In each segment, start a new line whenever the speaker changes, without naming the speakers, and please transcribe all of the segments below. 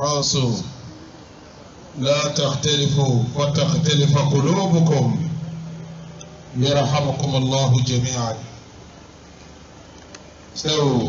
راسو لا تختلفوا فتختلف قلوبكم يرحمكم الله جميعا سووا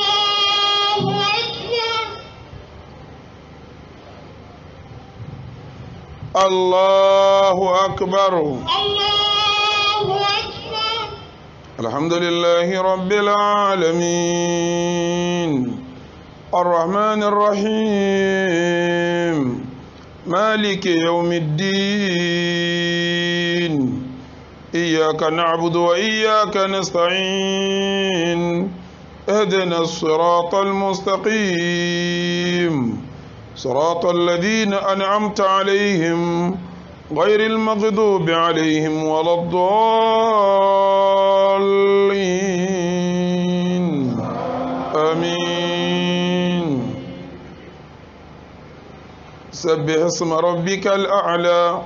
الله أكبر
الله أكبر
الحمد لله رب العالمين الرحمن الرحيم مالك يوم الدين إياك نعبد وإياك نستعين اهدنا الصراط المستقيم صراط الذين أنعمت عليهم غير المغضوب عليهم ولا الضالين آمين سبح اسم ربك الأعلى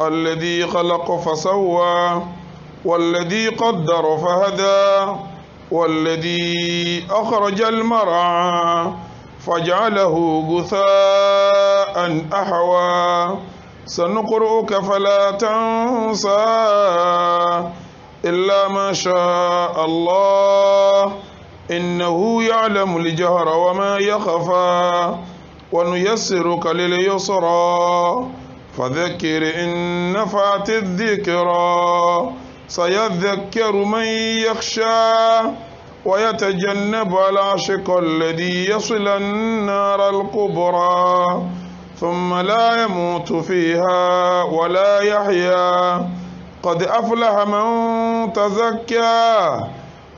الذي خلق فسوى والذي قدر فهدى والذي أخرج المرعى فجعله غثاء أحوى سنقرؤك فلا تنسى إلا ما شاء الله إنه يعلم الجهر وما يخفى ونيسرك لليسرى فذكر إن نفعت الذكرى سيذكر من يخشى ويتجنب العاشق الذي يصل النار الكبرى ثم لا يموت فيها ولا يحيا قد أفلح من تزكى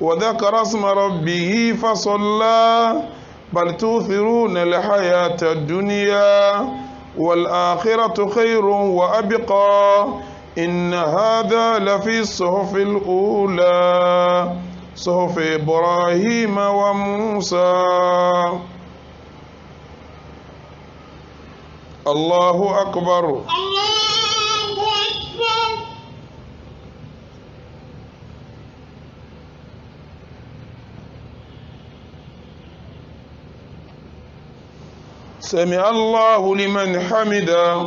وذكر اسم ربه فصلى بل توثرون الحياة الدنيا والآخرة خير وأبقى إن هذا لفي الصحف الأولى صحف إبراهيم وموسى الله أكبر الله
أكبر
سمع الله لمن حمده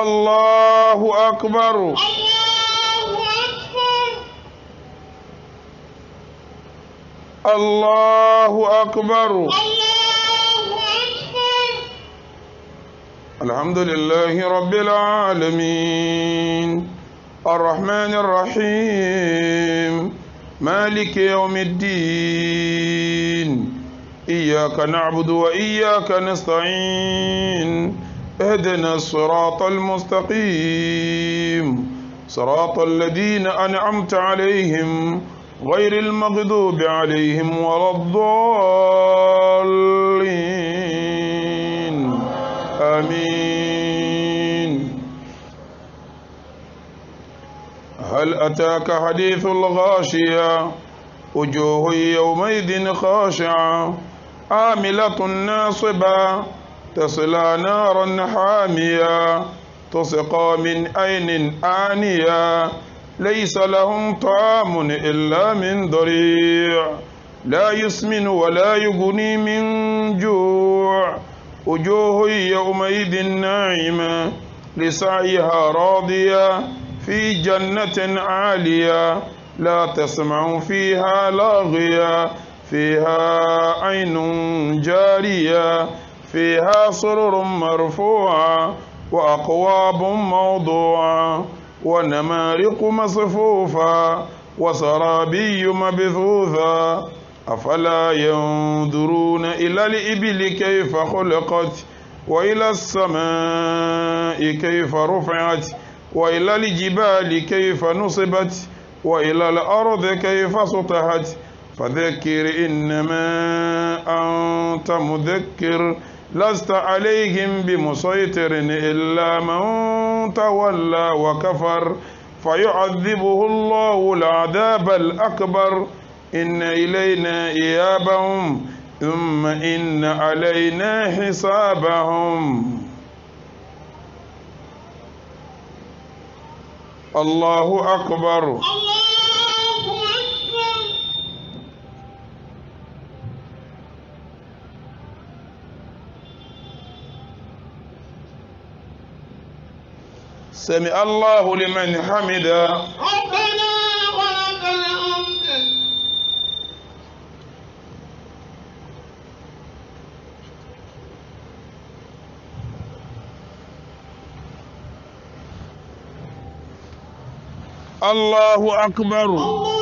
الله أكبر الله أكبر الحمد لله رب العالمين الرحمن الرحيم مالك يوم الدين إياك نعبد وإياك نستعين اهدنا الصراط المستقيم صراط الذين أنعمت عليهم غير المغضوب عليهم ولا الضالين آمين هل أتاك حديث الغاشية وجوه يومئذ خاشعة عاملة ناصبة تصلى نارا حامية تسقى من عين آنية ليس لهم طعام إلا من ضريع لا يسمن ولا يغني من جوع وجوه يومئذ ناعمة لسعيها راضية في جنة عالية لا تسمع فيها لاغية فيها عين جارية فيها سرر مرفوعة وأقواب موضوعة ونمارق مصفوفة وسرابي مبثوثة أفلا ينظرون إلى الإبل كيف خلقت وإلى السماء كيف رفعت وإلى الجبال كيف نصبت وإلى الأرض كيف سطحت فذكر إنما أنت مذكر لست عليهم بمسيطر إلا من تولى وكفر فيعذبه الله العذاب الأكبر إن إلينا إيابهم ثم إن علينا حسابهم الله أكبر الله سمع الله لمن حمدا
ربنا ولك الحمد
الله أكبر الله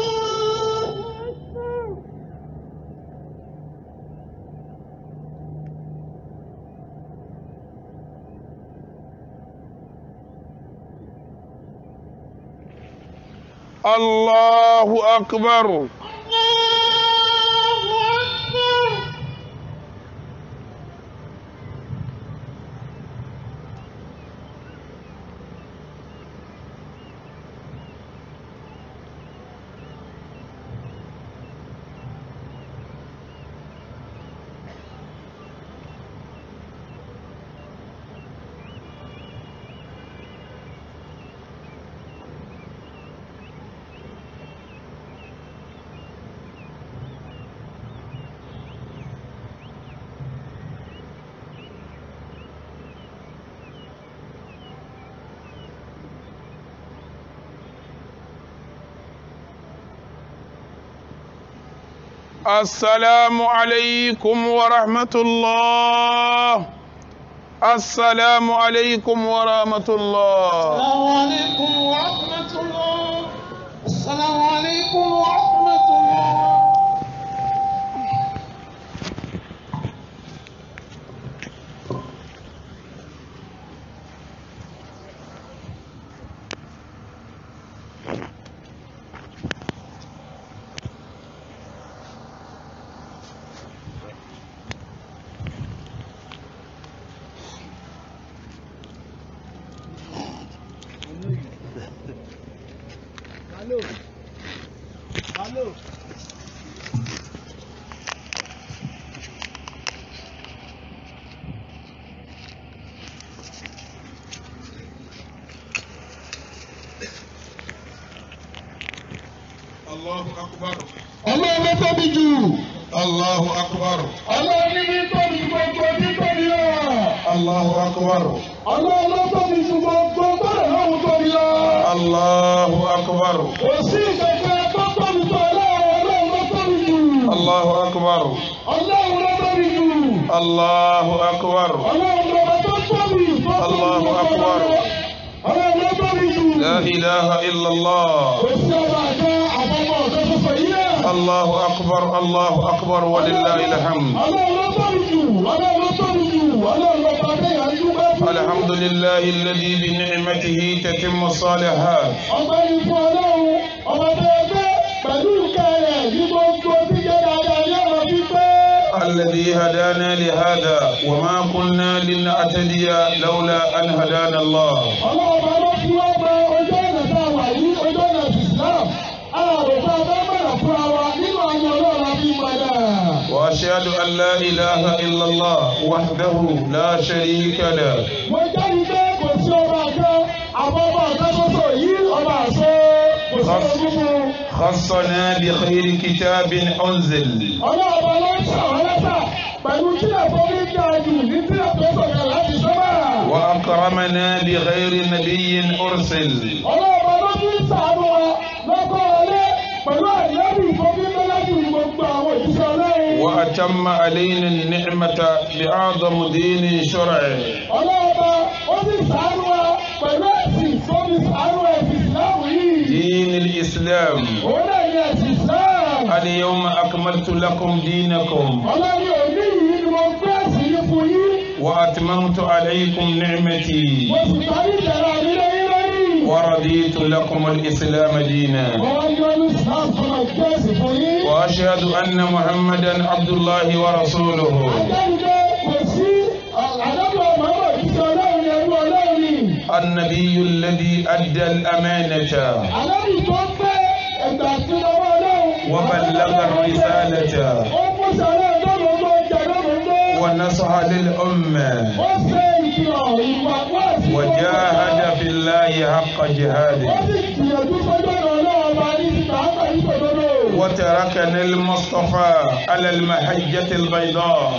الله أكبر السلام عليكم ورحمة الله السلام عليكم ورحمة الله السلام عليكم ورحمة الله أكبر الله أكبر ولله الحمد الحمد لله الذي بنعمته تتم الصالحات الذي هدانا لهذا وما كنا لنعتدي لولا أن هدانا الله وأشهد أن لا إله إلا الله وحده لا شريك له خصنا بخير كتاب أنزل وأكرمنا بغير نبي أرسل أتم علينا النعمة بأعظم دين شرعي.
ọlọ́ọ̀bá ó sì ṣàánú wa pẹ̀lú ẹ̀sìn tó fi ṣàánú ẹ̀sìn ìsìláàmù yìí. دين
الإسلام. òun
náà ní ẹ̀sìn Islam. اليوم
أكملت لكم دينكم.
ọlọ́ọ̀ni òní yìí ni mo gbé ẹ̀sìn yìí fún yín.
وأتممت عليكم نعمتي. mo sì
parí ìdára mi.
ورديت لكم الإسلام دينا وأشهد أن محمدا عبد الله ورسوله النبي الذي أدى الأمانة
وبلغ الرسالة ونصح
للأمة
وجاهد
في الله حق جهاده وتركني المصطفى على المحجة البيضاء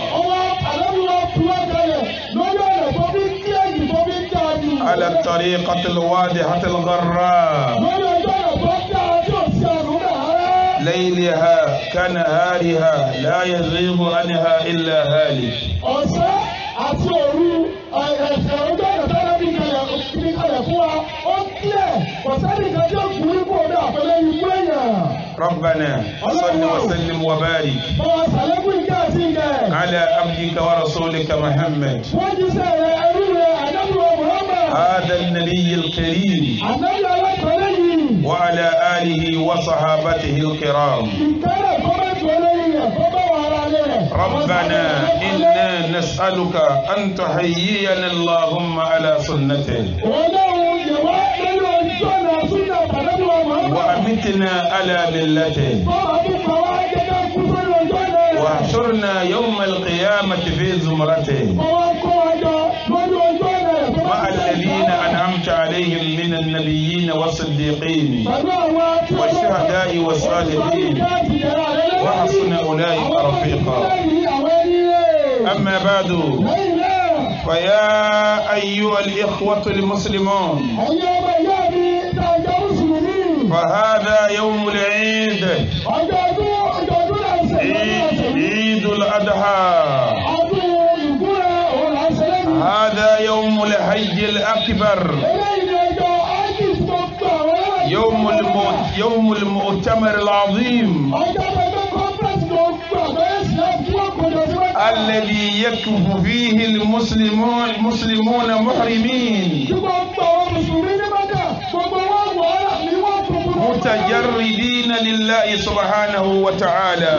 على الطريقة الواضحة الغراء ليلها كنهارها لا يزيغ عنها إلا هالي
ẹnìkan tí ipò rẹ̀ àfẹlẹ́yìn fún èèyàn.
ربنا صل وسلم وبارك على عبدك ورسولك محمد هذا النبي الكريم وعلى آله وصحابته الكرام
ربنا
إنا نسألك أن تحيينا اللهم على سنته ميتنا على ملته واحشرنا يوم القيامة في زمرته
مع الذين أنعمت
عليهم من النبيين والصديقين
والشهداء والصالحين وحسن أولئك رفيقا أما بعد
فيا أيها الإخوة المسلمون فهذا يوم العيد عيد الأضحى هذا يوم الحي الأكبر يوم يوم المؤتمر العظيم الذي يكف فيه المسلمون المسلمون محرمين متجردين لله سبحانه وتعالى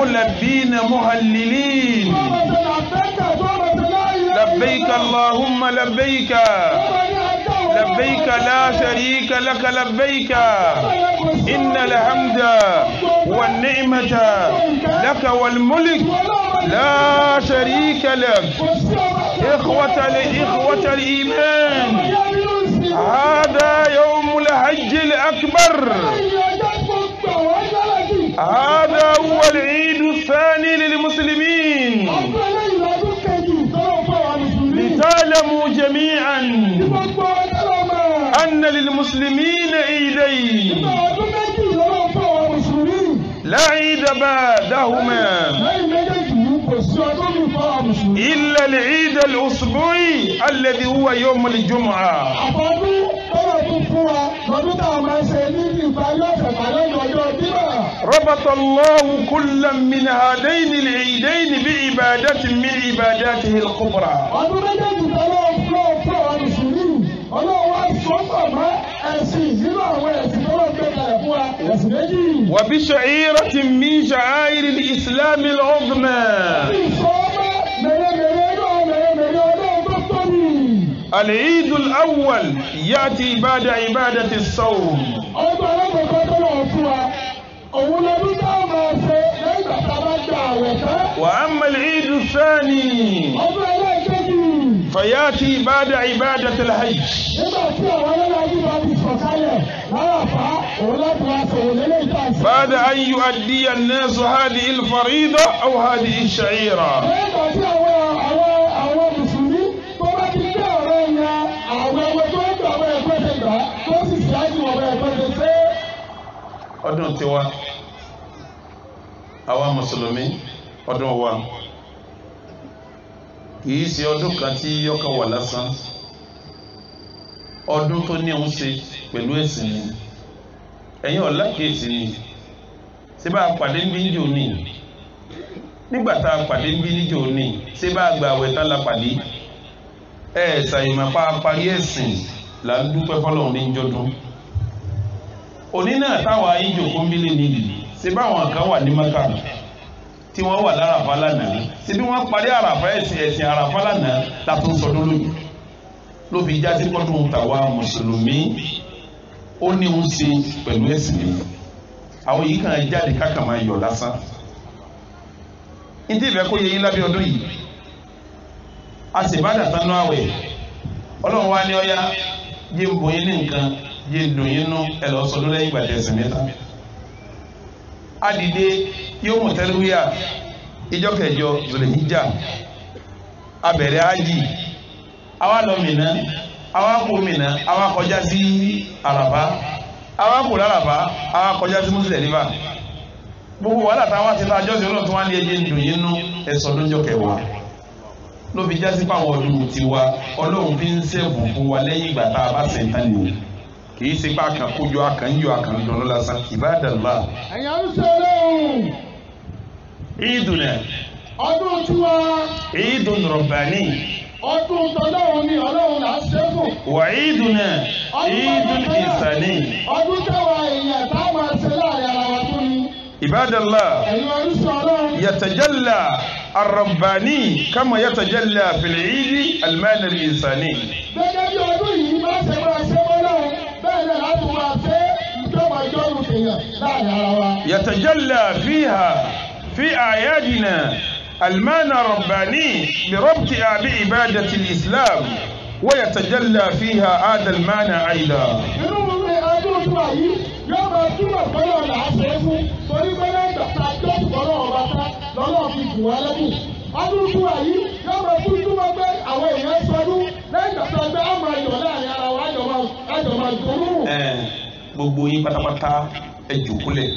ملبين مهللين
لبيك اللهم
لبيك
لبيك لا شريك
لك لبيك
إن الحمد
والنعمة لك والملك لا شريك لك
إخوة لإخوة الإيمان هذا يوم الحج الأكبر
هذا هو العيد الثاني للمسلمين
لتعلموا جميعا
أن للمسلمين عيدين لا عيد بعدهما إلا العيد الأسبوعي الذي هو يوم الجمعة ربط الله كل من هذين العيدين بعبادة من عباداته الكبرى وبشعيرة من شعائر الإسلام العظمى العيد الأول يأتي بعد عبادة الصوم وأما العيد الثاني فيأتي بعد عبادة الحج
بعد أن يؤدي
الناس هذه الفريضة أو هذه الشعيرة ọdún tiwa àwa mùsùlùmí ọdún wa kìí ṣe ọdún kan tí yọkàn wà lásán ọdún tó ní òun ṣe pẹ̀lú ẹ̀sìn ni ẹ̀yin ọ̀la kìí ni ṣé bá a pàdé ń bí níjò ní nígbà tá a pàdé ń bí níjò ní ṣé bá a gbà àwẹ̀ tá la pàdé ẹ̀ ṣàyẹ̀mọ̀ pa parí ẹ̀sìn là ń dúpẹ́ fọlọ́run ní jọdún òní náà táwa ìjòkó mílẹ̀ nílì ṣe báwọn kan wà ní maka tí wọ́n wà láràfá lánàá ṣe bí wọ́n parí àràfá ẹ̀sìn ẹ̀sìn àràfá lánàá látún sọdún lónìí ló fi já sí kọ́dún tàwa mùsùlùmí ó ní ń ṣe pẹ̀lú ẹ̀sìn mi àwọn yìí kàn jáde káàkà máa yọ̀ lásán ní tí ìfẹ́ kó yẹ yín lábẹ́ ọdún yìí a sì bá dàtánú àwẹ̀ ọlọ́run wá ní ọyá yé ń bọ̀ yín ní nǹkan yé dùn yín nú ẹ lọ sọdún lẹ́yìn ìgbà tẹ̀sán mẹ́ta. adìde yóò mú tẹ́lúwíà ìjọ kẹjọ zòlèhíjà abẹ̀rẹ̀ ájì àwa lọ Mínà àwa kó Mínà àwa kọjá sí àràbá àwa kó láràbá àwa kọjá sí mùsùlùmí gbogbo wàhálà táwọn àti tájọ́ sí ọlọ́tún wá ní ẹjẹ́ dùn yín nú ẹ sọdún jọ kẹwàá ló jásí pàwọn ọdún tiwa ọlọ́run fi ń ṣẹ́gun fún wa lẹ́yìn ìgbà tá a bá sẹ̀ńtán nìyí kì í ṣe pé àkàn kójọ àkàn yíyọ àkàn dùnú lásán Ibadallah.
ẹ̀yin arúgbó ọlọ́run. ìdùn náà. ọdún tiwa.
ìdùn rabbani
ọdún tọ́lọ́run ni ọlọ́run là ń ṣe fún.
wàhídùn náà
ìdùn ìsàní. ọdún táwa èèyàn táwa ṣe láàrin ara wa tún ni.
Ibadallah. ẹ̀yin
orísun ọlọ́run.
yatajalla arambani kama yatajalla fil yìí bá ṣe يتجلى فيها في آياتنا ìjọba ìjọba èèyàn láàrin ara رباني بربط بعبادة الإسلام ويتجلى فيها هذا المعنى أيضا
yóò àyí yóò máa tún túbọ̀ gbé àwọn èèyàn sọdún lẹ́yìn ìgbàta gbé àmọ́ ayọ̀ láàrin wa àjọ máa dùn
gbogbo yín pátápátá ẹ jòkúlẹ̀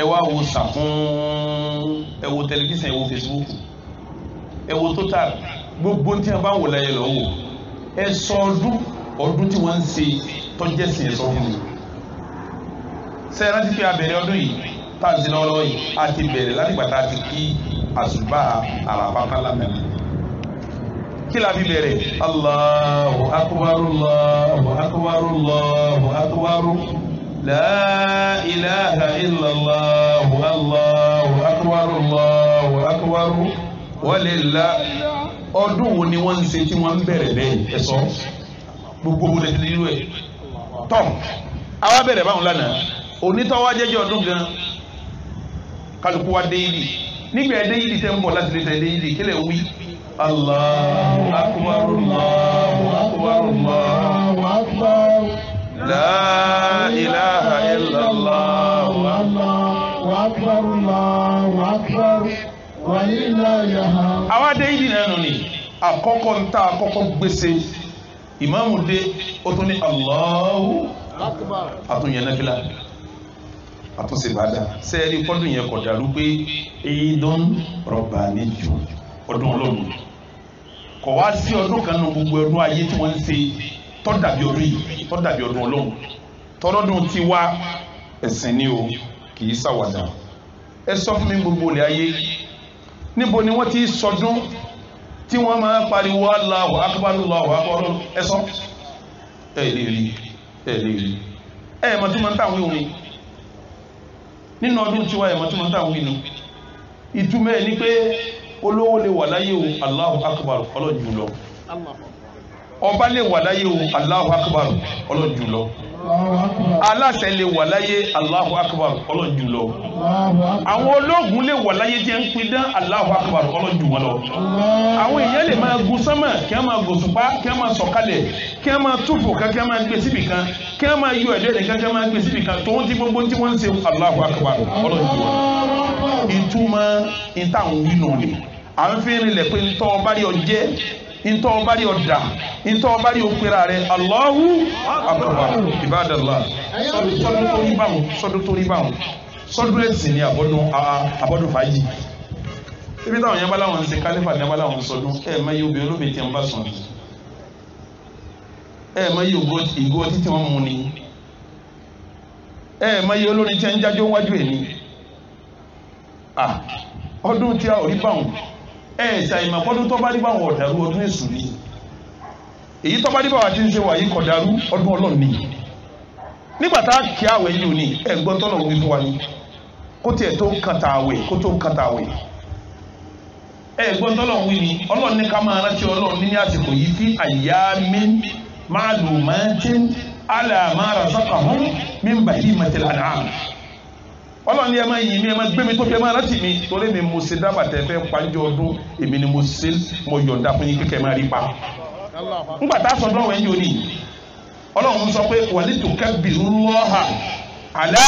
ẹ wá wo sàfún ẹ wo tẹlifíṣàn ẹ wo Facebook ẹ wo total gbogbo tí a bá wò láyé lọ wò ẹ sọ ọdún ọdún tí wọ́n ń ṣe tọ́jẹ́sìn ẹ sọ fún mi sẹ́yìn láti fi abẹ̀rẹ̀ ọdún yìí tá a ti lọ́wọ́ yìí a ti bẹ̀rẹ̀ láti gbàtà ti kí àsùbà àràfáfá lámẹ́rin kí la fi bẹ̀rẹ̀ Allahu akbar Allahu akbar Allahu akbar la ilaha illallah Allahu akbar Allahu akbar walillah ọdún wo ni wọ́n ń ṣe tí wọ́n ń bẹ̀rẹ̀ bẹ́ẹ̀ ẹ sọ gbogbo wo lẹ́tí nínú ẹ̀ tọ́ àwa bẹ̀rẹ̀ báwọn lánàá onítọ́wá jẹ́jẹ́ ọdún gan kálukú wa dé yìí nígbà ẹ̀ dé yìí tẹ́ ń bọ̀ láti lè tẹ̀ dé yìí kílẹ̀ ń wí الله أكبر الله أكبر الله أكبر لا إله إلا الله الله أكبر الله أكبر ولله الحمد àwa dé ibi náà ni àkọ́kọ́ ń ta àkọ́kọ́ gbèsè ìmáàmù dé ó tún ní Allahu àtúnyẹ̀ náà fìlà àtúnṣe bàdà sẹ́ẹ̀rí kọ́dún yẹn kọ̀ dàrú pé èyí dán rọ̀bà níjù ọdún ọlọ́run kọ̀ wá sí ọdún kan nù gbogbo ọdún ayé tí wọ́n ń ṣe tó dàbí ọdún yìí tó dàbí ọdún ọlọ́run tọ́lọ́dún ti wá ẹ̀sìn ni o kì í ṣàwàdà ẹ sọ fún mi gbogbo ilẹ̀ ayé níbo ni wọ́n ti sọdún tí wọ́n máa ń pariwo Allahu Akbar Allahu Akbar ẹ sọ ẹ lè rí ẹ lè rí ẹ ẹ̀ mọ̀tún máa ń tàwé òun nínú ọdún tiwa ẹ̀ mọ̀tún máa ń tàwé inú ìtumọ̀ ẹ̀ ni pé olówó lè wà láyé o Allahu akbar ọlọ́run jù lọ ọba lè wà láyé o Allahu akbar ọlọ́run jù lọ aláṣẹ lè wà láyé Allahu akbar ọlọ́run jù lọ àwọn ológun lè wà láyé jẹ́ ń pidán Allahu akbar ọlọ́run jù wọn lọ àwọn èèyàn lè máa gun sánmà kí wọ́n máa gòsùpá kí wọ́n máa sọ̀kalẹ̀ kí wọ́n máa túfò kan kí wọ́n máa gbé síbì kan kí wọ́n máa yọ ẹ̀dọ́ ẹ̀dẹ́kan kí wọ́n máa gbé síbì kan tó ń ti gbogbo tí wọ́n ń ṣe Allahu akbar ọlọ́run jù wọn ìtumọ̀ ìtàn wínú ni à ń fi rinlẹ̀ pé ntọ́ ọba rí ọ jẹ́ ntọ́ ọba rí ọ dà ntọ́ ọba rí ọ pera rẹ Allahu akbar ibadallah sọdún tó rí báwọn sọdún tó rí báwọn sọdún ẹ̀sìn ni àbọ̀dún àbọ̀dún fàájì ibi táwọn yẹn bá láwọn ń ṣe kálífà ní abáláwọn ń sọdún ẹ mọ iye obìnrin olómi tí ń bá sùn ẹ mọ iye ìgò ọtí tí wọn mú ni ẹ mọ iye olórin tí ń jájó wájú ẹ ni ọdún tí a ò rí báwọn ẹ ṣàìmọ̀ pọ́dún tó bá rí báwọn ọ̀dàrú ọdún èṣù ni èyí tó bá rí báwọn àti ń ṣe wàyí kọ̀dàrú ọdún ni nígbà kí àwẹ̀ yìí ò ní ẹ̀gbọ́n wí fún wa ni kó tiẹ̀ tó kàtà àwẹ̀ kó tó kàtà àwẹ̀ ẹ̀gbọ́n tọ́nà wí ni ọlọ́run ní ká máa rántí ní fi àyà ọlọ́run ní ẹ máa yìn mí ẹ máa gbé mi tóbi ẹ máa rántí mi torí mi mo ṣe dábàá tẹ fẹ́ panjọ ọdún èmi ni mo ṣe mo yọ̀ǹda fún yín kékeré máa rí pa. ńgbà tá a sọ dọ́wọ́ ẹ̀yìn òní ọlọ́run sọ pé wàlí tó kẹ́bi lọ́ha àlá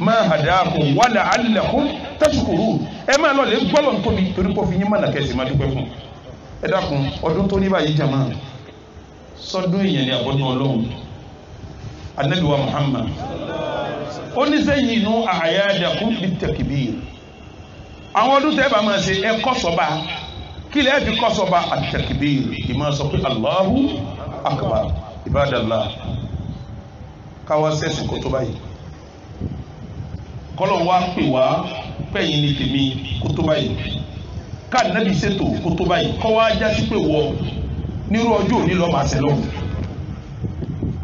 máa hàdá kò wàlà àlẹ́ kó tẹ̀sùkúrú ẹ máa lọ lè gbọ́lọ̀ tóbi torí kó fi yín mọ̀nà kẹsì máa dúpẹ́ fún. ẹ dákun ọdún tó ní báyìí jàmá sọdún èèyàn Muhammad ó ní sẹ́yìn inú àyà dẹ̀kún bí tẹ̀kìbí àwọn ọdún tẹ́ bá máa ṣe ẹ kọ́sọ̀ba kí lẹ́ẹ̀ fi kọ́sọ̀ba àtẹ̀kìbí ìmọ̀ sọ pé Allahu akbar ibadallah káwá sẹ́sìn kó tó báyìí kọ́lọ̀ wá pè wá pẹ̀yìn ní tèmi kó tó báyìí ká nàbì ṣètò kó tó báyìí kọ́ wá jásí pé wọ nírú ọjọ́ òní lọ́ọ́ máa ṣẹlẹ̀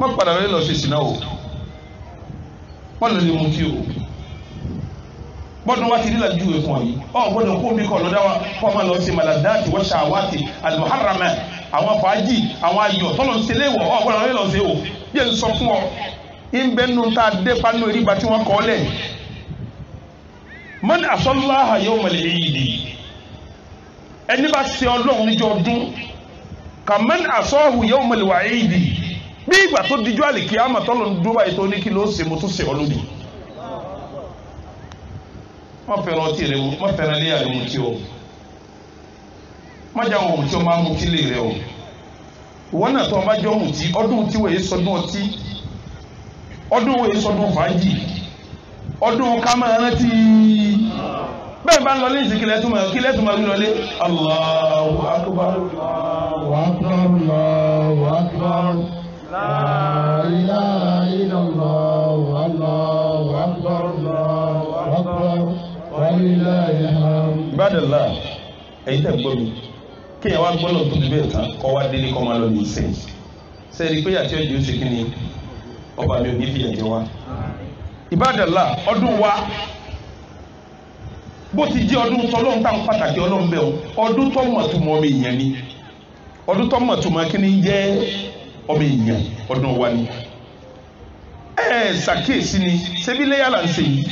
o padà lọ́ọ́ lọ́ọ́ ṣe o bọ́ọ̀lù lè mú tí o bọ́ọ̀lù wa ti rí la ju ìfún yìí ọ gbọ́dọ̀ kó mi kọ́ lọ́dọ̀ wa kọ́ ma lọ sí maladati wa shawati alimuharama àwọn fàájì àwọn ayọ̀ tọ́lọ̀ ń sẹlẹ̀ wọ̀ ọ gbọ́dọ̀ lọ sí o yẹ n sọ fún ọ ìbẹ́ nù tá a dé panu eríba tí wọ́n kọ́ lẹ̀ mọ́ni asọ́láhà yóò mọ̀lẹ́ èyí di ẹni bá ṣe ọlọ́run níjọ ọdún kàmẹ́ni asọ́hù yóò mọ̀lẹ́ wà èyí bí ìgbà tó dijọ́ àlìkí àmọ̀ tọ́lọ̀ ń dúró báyìí tó ní kí ló ṣe mo tún ṣe ọ lódì. fẹ́ràn ọtí rẹ o wọ́n fẹ́ràn ilé àrùn tí o májà wọn mutí o máa mutí lè rẹ o ìwọ náà tó o máa jọ mutí ọdún tí wòye sọdún ọtí ọdún wòye sọdún fàájì ọdún kámẹ́rán ti bẹ́ẹ̀ bá ń lọlé ìsìnkílẹ̀ tó máa kílẹ̀ tó máa ń lọlé
لا
إله èyí tẹ̀ gbọ́ mi kí ẹ wá bẹ́ẹ̀ tán kọ́ wá délé kọ́ máa lọ ní ìsìn pé àti ọba mi ò ní fi ẹ̀jẹ̀ wá. ọdún wa bó ti jẹ́ ọdún tọ́lọ́run pàtàkì ọlọ́run bẹ́ẹ̀ ọdún ni ọdún tó kí ni ọmọ èèyàn ọdún wa ni ẹ ṣàkíyèsí ni ṣebí léyà là ń ṣe yìí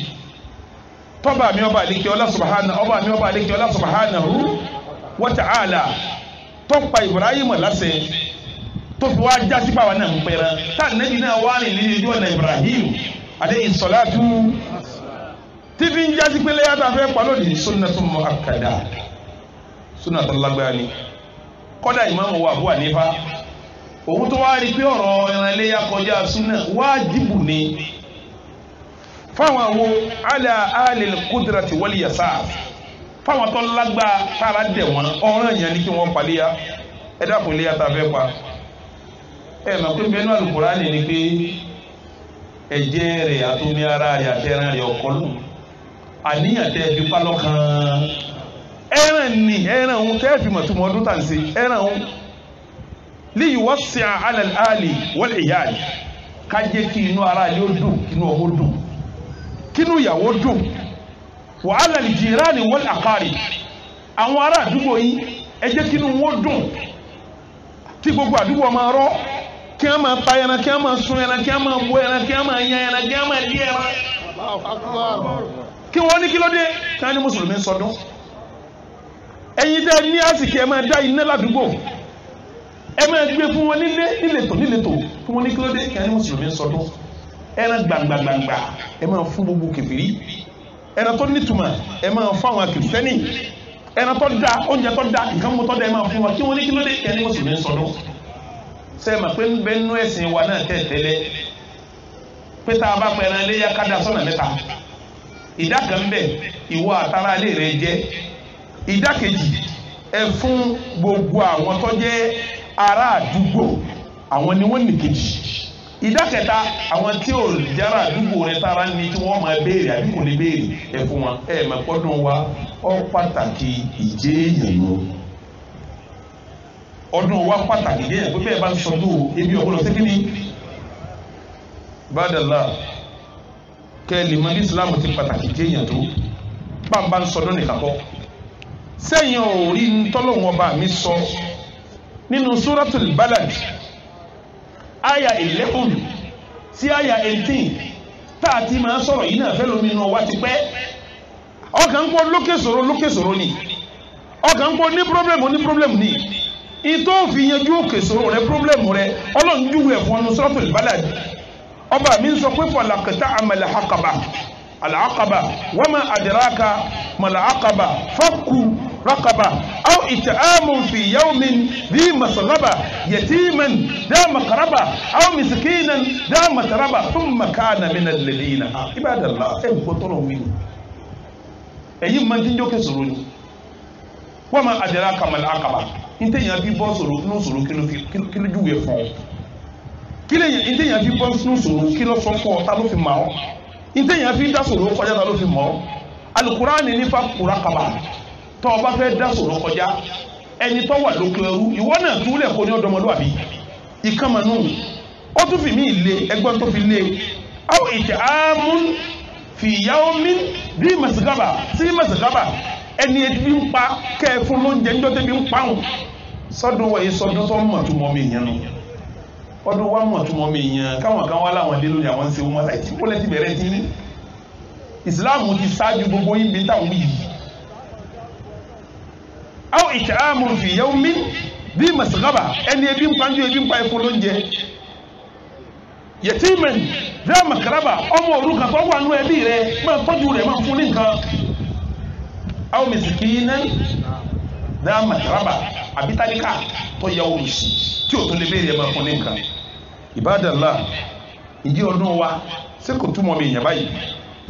tọ́ba mi ọba àlékè ọlá subahana ọba mi ọba àlékè ọlá subahana hu wa ta'ala tọ́pa Ibrahim láṣẹ tó fi wá jásí pàwọn náà ń pẹ́ra tá nẹ́bí náà wá rìn nínú ojú ọ̀nà Ibrahim aleyhi sọláàtú tíbi ń jásí pé léyà tá a fẹ́ pa lónìí sunnatu muakkada sunnatu lágbára ni kọ́dà ìmáàmù wa Abu Hanifa òun tó wá rí pé ọ̀rọ̀ ẹran iléyà kọjá súnà wájìbù ni fáwọn àwọn alẹ́ alẹ́ kúdìrà ti wọlé yàtá fáwọn tó lágbá tára dẹ̀ wọ́n ọ̀ràn yẹn ni kí wọ́n paléyà ẹ dákun iléyà tá a fẹ́ pa ẹ mọ̀ pé bẹ́ẹ̀ náà Al-Kùránì ni pé ẹ̀jẹ̀ rẹ̀ àtúnmí ara rẹ̀ àtẹ̀ràn rẹ̀ ọ̀kọ́lù àníyàn tẹ́ fi pálọ́ kan ẹran ni ẹran òun tẹ́ fi mọ̀túmọ̀ liyuwasi alal ali wal iyali ká jẹ́ kí inú ara yóò dùn kínú ọmọ dùn kínú ìyàwó dùn wa alal jirani wal aqari àwọn ará àdúgbò yìí ẹ jẹ́ kínú wọn dùn tí gbogbo àdúgbò máa rọ kí a máa pa ẹran kí a máa sun ẹran kí a máa wọ ẹran kí a máa yan ẹran kí a máa lé ẹran kí wọ́n ní kí kí wọ́n ní mùsùlùmí sọdún ẹ̀yin tẹ́ ní àsìkè ẹ máa dá iná ládùúgbò ẹ máa gbé fún wọn nílé níletò níletò fún wọn ní kílódé kí wọn mùsùlùmí sọdún ẹran gbàngbàngbàngbà ẹ máa fún gbogbo kẹfìrí ẹran tó nituma ẹ máa fún àwọn ẹran tó da oúnjẹ tó da nǹkan mú da ẹ máa fún wọn kí wọn ní kílódé kí wọn mùsùlùmí sọdún sẹ́ẹ̀mà pé ń ẹ̀sìn wa náà tẹ̀ tẹ́lẹ̀ pé tá a bá pẹ̀rẹ̀ iléyà kádà sọ́nà mẹ́ta ìdá kan ìwọ àtàrà alẹ́ rẹ kejì ẹ gbogbo àwọn tó jẹ́ ará àdúgbò àwọn ni wọ́n nìkejì ìdá kẹta àwọn tí ò jára àdúgbò rẹ tára ní tí wọ́n máa béèrè àbí kò ní béèrè ẹ fún wọn ẹ mọ̀ pọ́dún wa ọ pàtàkì ìjẹ́ èèyàn lọ ọdún wa pàtàkì ìjẹ́ èèyàn pé bẹ́ẹ̀ bá ń sọdún ebi ọ̀gbọ́n ṣé kí ni bàdàlà kẹ́lì mọ́ Islam ti pàtàkì ìjẹ́ èèyàn tó bá ń bá ń sọdún nìkan kọ́ sẹ́yìn ò rí ntọ́lọ́wọ́n ọba mi sọ. So, nínú suratul balad aya eleven sí aya eighteen tá a ti máa sọ̀rọ̀ yìí náà fẹ́ lómi inú wa ti pẹ́ ọkàn ń kó lókè sòro lókè sòro ni ọkàn ń kó ní pírọ́blẹ̀mù ní pírọ́blẹ̀mù ni ìtò fi yanjú òkè sòro rẹ pírọ́blẹ̀mù rẹ ọlọ́run júwe ẹ̀fọn nínú suratul balad ọba mi sọ pé pọ̀làkìtà àmàlẹ̀ àkàbà àlàkàbà wọ́n máa àdìrà ka màlà àkàbà fọ́kù. رقبة أو إطعام في يوم ذي مصغبة يتيما ذا مقربة أو مسكينا ذا متربة ثم كان من الذين عباد الله أي فطره من أي من تنجوك سرون وما أدراك ما العقبة أنت يا في بوسرو نوسرو كيلو كيلو جوي فون kílẹ̀ yẹn ní tẹ̀yàn fi bọ́ sínú sòrò kí lọ́ sọ fún ọ ta ló fi mọ̀ ọ́ ní tẹ̀yàn القرآن dá sòrò tọ́ ọ bá fẹ́ dá sọ̀rọ̀ kọjá ẹni tó wà lóko ẹrú ìwọ náà túlẹ̀ kó ní ọdọmọlúwàbí ìkànnì ó tún fi mí lé ẹgbọ́n tó fi lé aw ìtààmú fi yawmin bí masigaba sí masigaba ẹni ebi ń pa kẹfún lóúnjẹ ń dọ́tẹ́ bí ń pa òun sọ́dún wọ̀nyí sọ́dún tó ń mọ̀ tó mi yẹn nù ọdún wa mọ̀ tó mọ́ mi yẹn káwọn kan wá láwọn dé lórí àwọn ń ṣe wọn láì tí kólẹ́ ti bẹ̀rẹ̀ ti ní ìsìláàmù ti ṣáájú gbogbo yín bí táwọn yìí aw ìtààmù fi yawmin bí màsàkàbà ẹni ebi ń pa ju ebi ń pa ẹ̀fọ́ lóúnjẹ yẹtìmẹ̀n dá màkàràbà ọmọ òrukàn tó wà nù ẹbí rẹ máa tọ́jú rẹ máa fún ní nǹkan aw misikinan dá màkàràbà àbítálíkà tó yẹ olùsí tí o tó lè béèrè máa fún ní nǹkan Ibadallah ìdí ọdún wa ṣé túmọ̀ mi ìyàn báyìí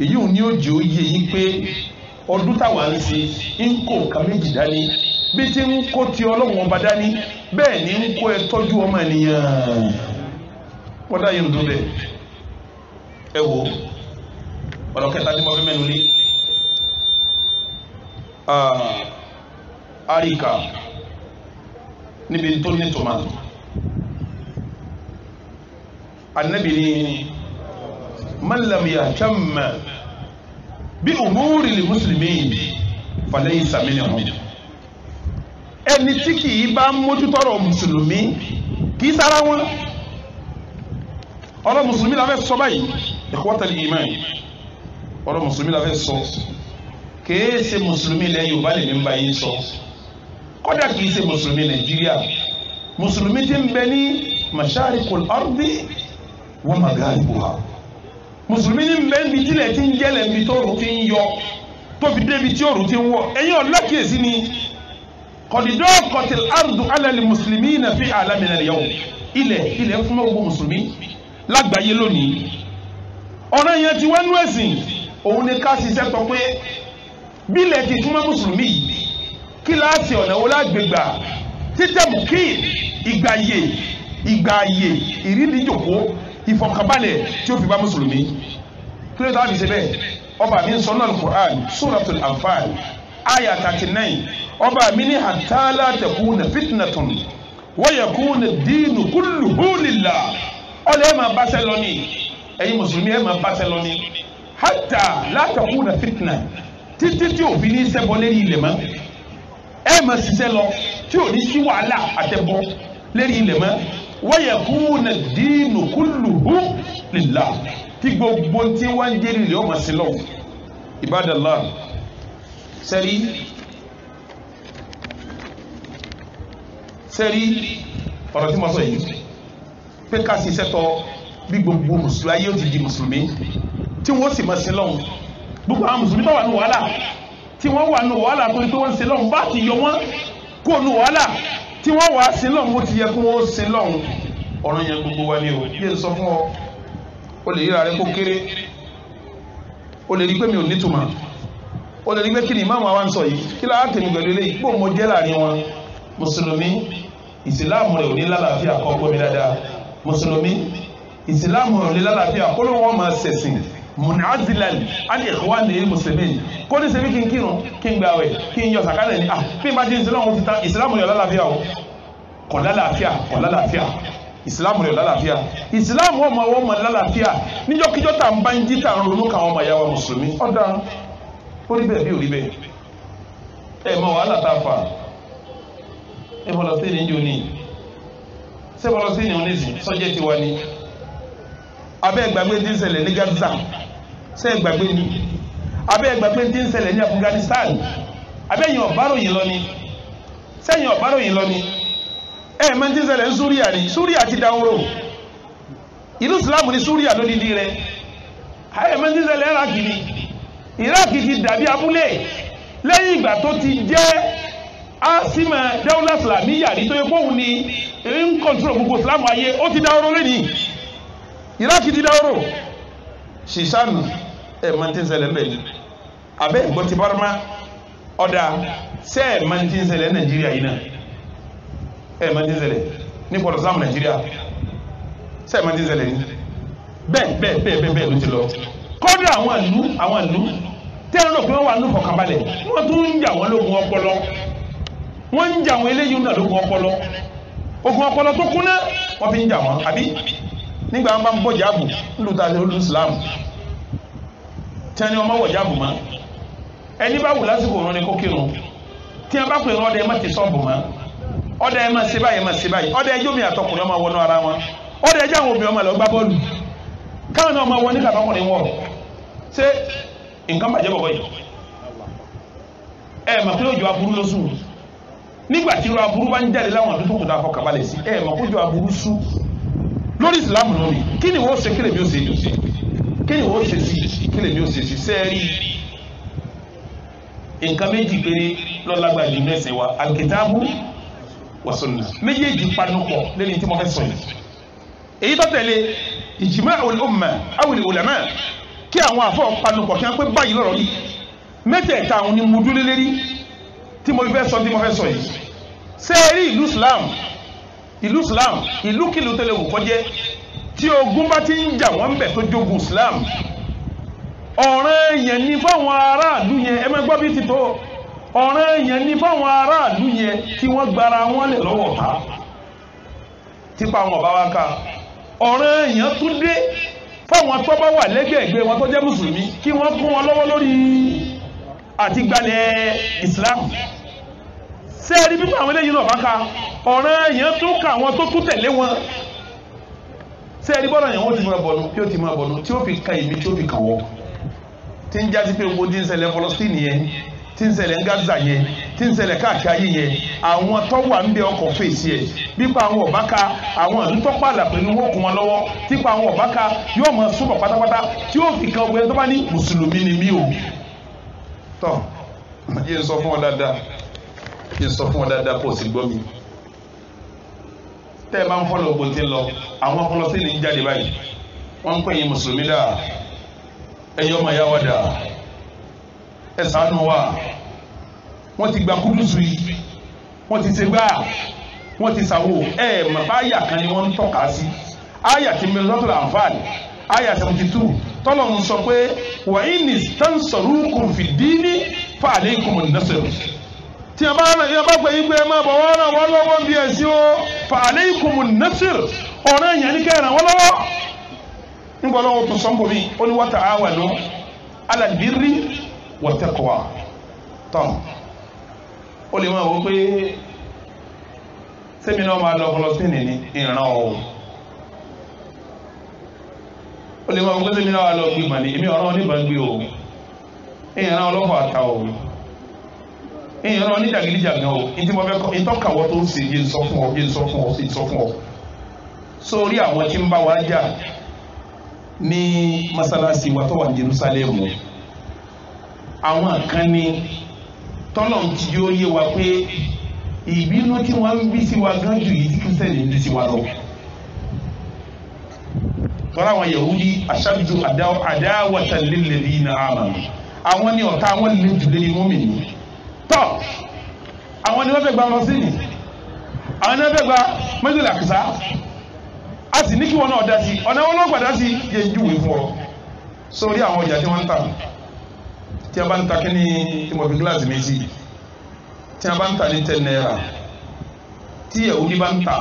èyí ò ní ó jẹ́ òye yìí pé ọdún táwa ń ṣe ń kó nǹkan méjì dání bí ti ń kó ti ọlọ́run ọba dání bẹ́ẹ̀ ni ń kó ẹ tọ́jú ọmọ ènìyàn wọ́dà yìí ń dún bẹ́ẹ̀ ẹ wò ọ̀rọ̀ kẹta tí mo fi mẹ́nu lé àríkà níbi tó ní tòmá anabi ni man lam bi umuri li muslimin falaysa minhum ẹni tí kì í bá mójútọ́rọ̀ mùsùlùmí kì í sára wọn ọ̀rọ̀ mùsùlùmí la fẹ́ sọ báyìí ikhwatal iman ọ̀rọ̀ mùsùlùmí la fẹ́ sọ kìí ṣe mùsùlùmí ilẹ̀ Yorùbá lè ní bá sọ kódà kìí ṣe mùsùlùmí Nàìjíríà mùsùlùmí ti ń bẹ ní masharikul ardi wa magharibuha mùsùlùmí ní bẹ níbi tílẹ̀ ti ń jẹ́lẹ̀ níbi tó òrùn ti ń yọ tóbi débi tí òrùn ti ń wọ̀ ẹ̀yin ọ̀lá kìí sí ni kọ̀dídọ́ kọ̀tìl ardu alẹ́lì mùsùlùmí na fi àlámìnà yẹ̀wò ilẹ̀ ilẹ̀ fún gbogbo mùsùlùmí lágbàáyé lónìí ọ̀nà yẹn ti wá nú ẹ̀sìn òun ni ká ṣiṣẹ́ tọ́ pé bílẹ̀ ti fún mùsùlùmí kí láti ọ̀nà wo lágbègbà títẹ̀mù kí ìgbàyè ìgbàyè ìrídìjòkó ìfọ̀kànbalẹ̀ tí ó fi bá mùsùlùmí kí ló dáa fi ọba mi sọ náà Al-Qur'an Suratul Anfal aya thirty nine ọba mi ní hatala takuna fitnatun wa yakuna diinu kulluhu lillah ọlẹ́ ẹ̀ máa báṣẹ́ lọ ní ẹ̀yin mùsùlùmí ẹ̀ máa báṣẹ́ lọ ní hatta la takuna fitna títí tí òfin ní sẹ́bọ lérí ilẹ̀ mọ́ ẹ̀ máa ṣiṣẹ́ lọ tí ò ní sí wàhálà àtẹ̀bọ lérí ilẹ̀ mọ́ wa yakuna diinu kulluhu lillah tí gbogbo tí wọ́n ń jẹ́rìí lè ọmọ sílọ̀ ibadallah sẹ́rí. sẹ́rí ọ̀rọ̀ tí mo sọ yìí pé ká sì sẹ́tọ̀ bí gbogbo mùsùlùmí ayé ó ti di mùsùlùmí tí wọ́n sì mọ̀ sí lọ́hùn gbogbo àwọn mùsùlùmí tó wà ní wàhálà tí wọ́n wà ní wàhálà torí pé wọ́n ń sin lọ́hùn bá ti yọ wọ́n kó ní wàhálà tí wọ́n wà á sin lọ́hùn bó ti yẹ kó wọ́n sin lọ́hùn ọ̀rọ̀ yẹn gbogbo wa ni o yé n sọ fún ọ o lè ríra rẹ kó kéré o lè rí pé mi ò nítumọ̀ o lè rí pé kí ni ìmáàmù àwa sọ yìí kí lára tèmi pẹ̀lú eléyìí pé mo jẹ́ láàrin wọn mùsùlùmí ìsìláàmù rẹ̀ ò ní lálàáfíà kọ́kọ́ mi dáadáa mùsùlùmí ìsìláàmù rẹ̀ ò ní lálàáfíà kó ló wọ́n máa ṣẹ̀sìn munazilan ali ikhwan ni muslimin ko ni ṣebí kin kírun kin gbààwẹ̀ kin yọ sakale ni ah bi ma jin islam ti ta islam yọ lálàáfíà o kò lálàáfíà kò lálàáfíà islam yọ lálàáfíà islam wo ma wo ma lálàáfíà ni jo kijo ta nba nji ta ronú kan wo ma ya wa muslimi oda ó rí bẹ́ẹ̀ bí ó rí bẹ́ẹ̀ ẹ mọ̀ wàhálà tá fà ẹ bọ́lá sí ní jò ní ṣé bọ́lá sí ní oníṣì sọ́jẹ́ tiwa ni abẹ́ gbàgbé ti ń ṣẹlẹ̀ ní Gaza ṣé gbàgbé ni abẹ́ gbàgbé ti ń ṣẹlẹ̀ ní Afghanistan abẹ́yìn ọ̀báròyìn lọ ni sẹ́yìn ọ̀báròyìn lọ ni ẹ mẹ́ ti ń ṣẹlẹ̀ ní Súríà ni Súríà ti dáhùrò ìlú Islam ní Súríà lódìdí rẹ̀ ẹ mẹ́ ti ń ṣẹlẹ̀ Iraq ni Iraq ti dàbí abúlé lẹ́yìn ìgbà tó ti jẹ́ asima dawla islamiyya ní tó yẹ kóhun ni ń kọ́ńtúrò gbogbo ìsìlámù ayé ó ti dáwọ́rọ́ lẹ́nìí iraki ti dáwọ́rọ́ ṣìṣàánù ẹ̀ máa ti ń ṣẹlẹ̀ bẹ́ẹ̀ abẹ́ ẹ̀gbọ́n ti Barma ọ̀dà sẹ́ ẹ̀ máa ti ń ṣẹlẹ̀ Nàìjíríà yìí náà ẹ̀ máa ti ń ṣẹlẹ̀ ní pọ̀lọ̀ sáàmù Nàìjíríà sẹ́ ẹ̀ máa ti ń ṣẹlẹ̀ ní bẹ́ẹ̀ bẹ́ẹ̀ bẹ́ẹ̀ bẹ́ẹ̀ bẹ́ẹ̀ ló ti lọ kọ́dọ̀ àwọn ìlú àwọn ìlú tẹ́lẹ̀ rò pé wọ́n wà nù fọkànbalẹ̀ wọ́n tún ń wọ́n ń jà àwọn eléyìí náà lógun ọpọlọ ogun ọpọlọ tó kúnná wọ́n fi ń jà wọ́n àbí nígbà wọn bá ń bọ̀ jáàbù lórí Islam tí wọ́n ní wọ̀ jáàbù mọ́ ẹni bá wù lásìkò òun ni kó kírun tí wọ́n bá pè ọdẹ ẹ má ti sọ́ọ̀bù mọ́ ọdẹ ẹ má ṣe báyìí ẹ má ṣe báyìí ọdẹ ẹjọ́ mi àtọkùnrin ọmọ wọnú ara wọn ọdẹ nígbà tí irú aburú bá ń jáde láwọn àdúgbò tó dáa fọkàbalẹ̀ sí ẹ mọ̀ kójú aburú sú lórí ìsìlámù lónìí kí ni wọ́n ṣe kí lèmi ó ṣe kí ni wọ́n ṣe sí kí lèmi ó ṣe sí sẹ́ẹ̀rì nǹkan méjì péré lọ́lágbàá ìlú wa alkitabu wa sunna méjèèjì panupọ̀ lẹ́ni tí mo fẹ́ sọ yìí èyí tó tẹ̀lé ìjìmọ́ àwọn ọmọ àwọn ìwòlẹ́mọ kí àwọn àfọ̀ panupọ̀ kí wọ́n pé báyìí lọ́rọ̀ yìí mẹ́tẹ̀ẹ̀ta àwọn ni mo dúró lérí tí mo fẹ́ sọ tí mo fẹ́ sọ yìí ṣé ẹ rí ìlú Islam ìlú Islam ìlúkìlú tó lè wù kó jẹ́ tí ogun bá ti ń jà wọ́n bẹ̀ tó jogun Islam ọ̀ràn èèyàn ni fáwọn aráàlú yẹn ẹ má gbọ́ bí ti tó ọ̀ràn èèyàn ni fáwọn aráàlú yẹn kí wọ́n gbara wọn lè lọ́wọ́ ta tipa wọn bá wá ká ọ̀ràn èèyàn tún dé fáwọn tó bá wà lẹ́gbẹ̀ẹ́gbẹ́ wọn tó jẹ́ mùsùlùmí kí wọ́n kún wọn lọ́wọ́ lórí àti gbalẹ̀ Islam ṣé ẹ rí bí àwọn eléyìí náà bá ka ọ̀ràn yẹn tún ka àwọn tó tún tẹ̀lé wọn ṣé ẹ rí bọ́lá yẹn wọ́n ti máa bọ̀nu kí ó ti máa bọ̀nu tí ó fi ka èmi tí ó fi kà wọ́ tí ń jásí pé gbogbo tí ń ṣẹlẹ̀ fọlọ́sítìnì yẹn tí ń ṣẹlẹ̀ Gaza yẹn tí ń ṣẹlẹ̀ káàkiri ayé yẹn àwọn tó wà ń bẹ ọkọ̀ fèsì ẹ̀ pípa àwọn ọ̀bá ka àwọn ìlútọ́pọ̀ àlàpé ni wọ́n kún wọn lọ́wọ́ pípa àwọn ọ̀bá ka yóò mọ súnmọ̀ pátápátá tí yóò fi kan ọgbẹ́ tó bá ní mùsùlùmí ni mí o tọ́ yé sọ fún ọ dáadáa kí n sọ fún ọ dáadáa kó o sì tẹ́ ẹ bá ń fọ́lọ̀ gbòǹtì lọ àwọn ọpọlọ sí ni ń jáde báyìí wọ́n ń pè yín mùsùlùmí dà ẹ̀yọ́ ọmọ ìyá wa dà ẹ ṣàánú wa wọ́n ti gba kúdùsù yìí wọ́n ti ṣe gbáà wọ́n ti ṣàwò ẹ̀ mọ̀ bá àyà kan ni wọ́n ń tọ́ka sí àyà ti mi lọ́tọ̀ àǹfààní àyà seventy two tọ́lọ̀ ń sọ pé wàyí ni stansoru kùn fìdí ní fàlẹ́ kùn nẹ́sẹ̀rù tí a bá gbé yín pé ẹ máa bọ̀ wọ́n ràn wọ́n lọ́wọ́ bí ẹ̀sìn o fa alaykumun nasr ọ̀rọ̀ èèyàn ní kẹ́ ràn wọ́n lọ́wọ́ nígbà lọ́wọ́ tó sọ́n bòmí ó ní wa ta'awanu ala al-birri wa taqwa tán ó lè máa wọ pé sẹ́mi náà máa lọ fọlọ́ sí nìní ìran o ó lè máa wọ pé sẹ́mi náà lọ gbé màní èmi ọ̀rọ̀ oníbàgbé o ìran ọlọ́fọ̀ àtà o. èèyàn lọ o ní tí tó ń fún ọ yé fún ọ sọ fún ọ sórí àwọn tí ń bá wa jà ní masalasi wa tó wà ní Jerusalem àwọn kan ní n'i ti yóò yé wa pé ìbínú tí wọ́n ń bí sí wa gan jù yìí tí ń bí sí wa lọ tọ́lá àwọn Yahudi aṣáájú adáwọ̀tà àwọn ọ̀tá lè jù lé tọ́ àwọn ni wọ́n fẹ́ gba rọ́sìnì àwọn ni wọ́n fẹ́ gba mẹ́tòlá kìsà a sì ní kí wọn náà dá sí ọ̀nà wọn náà gbàdá sí yẹ júwe fún ọ sórí àwọn ọjà tí wọ́n ń tà tí a bá ń ta kí ni tìmọ̀fì gíláàsì méjì tí a bá ń ta ní ten naira tí ẹ̀wúrí bá ń ta